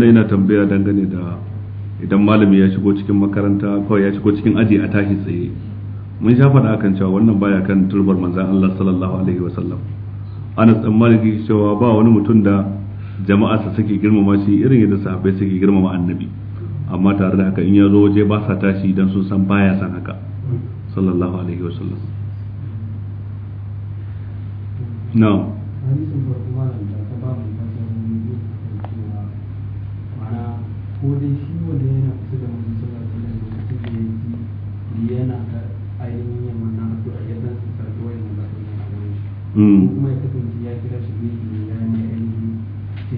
yana tambaya dangane da idan malami ya shigo cikin makaranta kawai ya shigo cikin aji a tashi tsaye mun sha faɗa akan cewa wannan baya kan turbar manzan Allah sallallahu alaihi wasallam sallam Anas cewa ba wani mutum da jama'a su girmama shi irin yadda sahabbai suke girmama annabi amma tare da haka in ya zo waje ba sa tashi idan sun san baya san haka sallallahu alaihi wa sallam na'am yana yamma na addu'a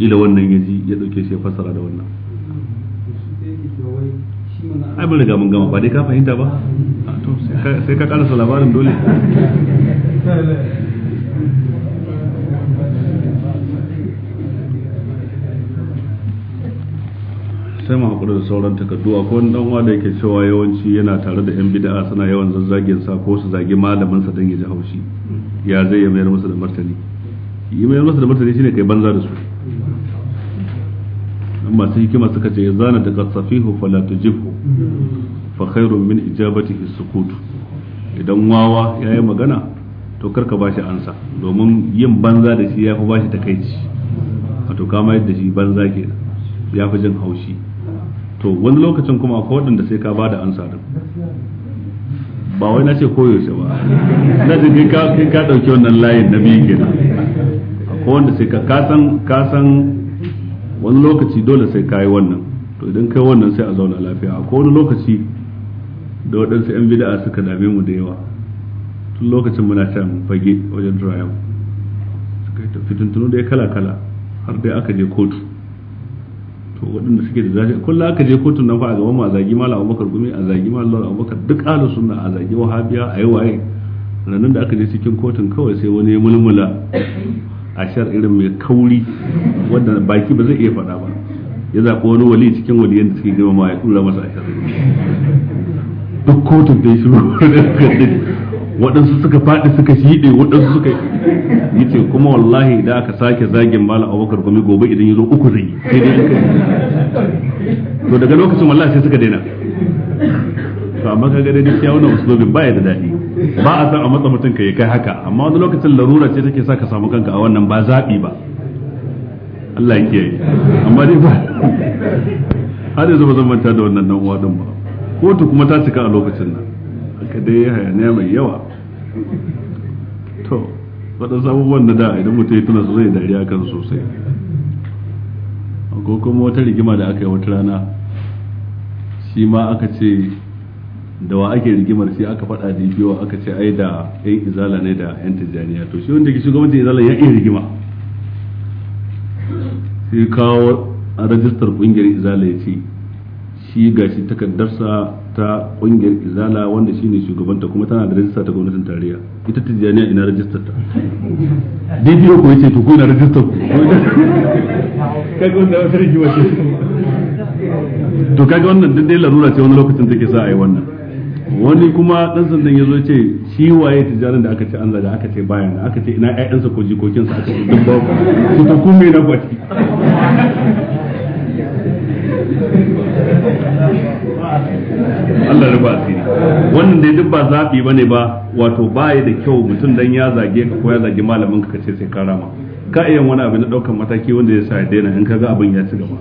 kila wannan ya ji ya dauke shi ya fassara da wannan ai mun riga mun gama ba dai ka fahimta ba ah, to sai ka karasa labarin dole sai mu hakuri da sauran takardu akwai wani dan wanda yake cewa yawanci yana tare da yan bid'a suna yawan zazzagin sa ko su zagi malamin sa dan ya ji haushi ya zai ya mayar masa da martani yi mayar masa da martani shine kai banza da su masu hikima suka ce ya zana daga safihu fala tujibhu mm. fa khairun min ijabatihi sukutu idan wawa ya yi magana to karka shi ansa domin yin banza da shi ya fi ba shi bashi takeici wato kama yadda shi banza kenan fi jin haushi to wani lokacin kuma akwai waɗanda sai ka bada ansa din ba wai na ce koyaushe ba na ji kai ka ɗauki wannan layin na biyu kenan akwai wanda sai ka san wani lokaci dole sai kayi wannan to idan kai wannan sai a zauna lafiya a wani lokaci da waɗansu 'yan bida'a suka dame mu da yawa tun lokacin muna can fage wajen trial suka yi fitintunu da ya kala-kala har dai aka je kotu to waɗanda suke da zafi kullum aka je kotun nan fa a gaban mu a zagi mala abubakar gumi a zagi mala abubakar duk ala suna a zagi wahabiya a yi waye ranar da aka je cikin kotun kawai sai wani ya mulmula ashar irin mai kauri wanda baki ba zai iya faɗa ba ya zaɓi wani wali cikin waliyan da suke girmama ya tura masa ashar duk kotun da ya shiru waɗansu suka faɗi suka shiɗe waɗansu suka yi ce kuma wallahi da aka sake zagin a abubakar Gwami gobe idan ya zo uku zai yi sai dai to daga lokacin wallahi sai suka daina to amma kaga dai gaskiya wasu usulobin baya da daɗi ba a san a matsa mutum ka yi kai haka amma wani lokacin larura ce take sa ka samu kanka a wannan ba zaɓi ba Allah ya kiyaye amma dai ba har yanzu ba zan manta da wannan nan uwa din ba kotu kuma ta cika a lokacin nan haka dai hayaniya mai yawa to waɗansu abubuwan da da idan mutum ya tuna su zai dariya kan sosai ko kuma wata rigima da aka yi wata rana shi ma aka ce da wa ake rigimar sai aka faɗa da biyo aka ce ai da yan izala ne da yan tijaniya to shi wanda ke shugabancin izala ya iya rigima sai kawo a rajistar kungiyar izala ya ce shi ga shi takardarsa ta kungiyar izala wanda shine shugabanta kuma tana da rajista ta gwamnatin tarayya ita tijaniya ina rajistar ta bidiyo ko yace to ko ina rajistar ku kaga wanda wata rigima ce to kaga wannan dai larura ce wani lokacin take sa a yi wannan wani kuma dan sandan ya zo ce shi waye tijaran da aka ce an zaga aka ce bayan aka ce ina ƴaƴansa ko jikokinsa aka ce duk babu su ta kume na gwati Allah rufa asiri wannan dai duk ba zaɓi ba ne ba wato baya da kyau mutum dan ya zage ka ko ya zage malamin ka ce sai ka rama ka iya wani abu na ɗaukan mataki wanda ya sa ya daina in ka ga abin ya ci gaba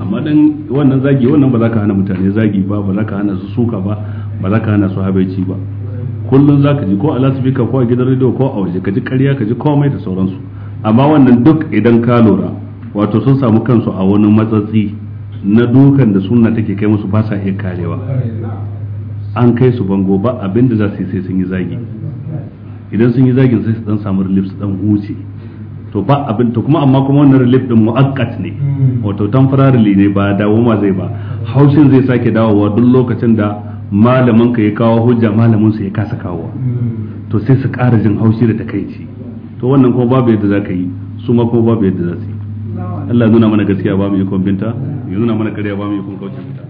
amma dan wannan zagi wannan ba za ka hana mutane zagi ba ba za ka hana su suka ba ba za ka hana su habaici ba kullum za ka ji ko a lasifika ko a gidan rediyo ko a waje ka ji karya ka ji komai da sauransu amma wannan duk idan ka lura wato sun samu kansu a wani matsatsi na dukan da suna take kai musu ba sa iya karewa an kai su bango ba abin da za su yi sai sun yi zagi idan sun yi zagin sai su dan samu relief su dan huce to ba abin to kuma amma kuma wannan relief din mu'akkat ne hmm. wato temporarily ne ba dawo ma zai ba haushin zai sake dawowa duk lokacin da malamin ka ya kawo hujja malamin sa ya kasa kawo hmm. to sai su ƙara jin haushi da takaici to wannan kuma babu yadda za ka yi su ma kuma babu yadda za su yi Allah nuna mana gaskiya ba mu yi binta ya nuna mana kariya ba mu yi kauce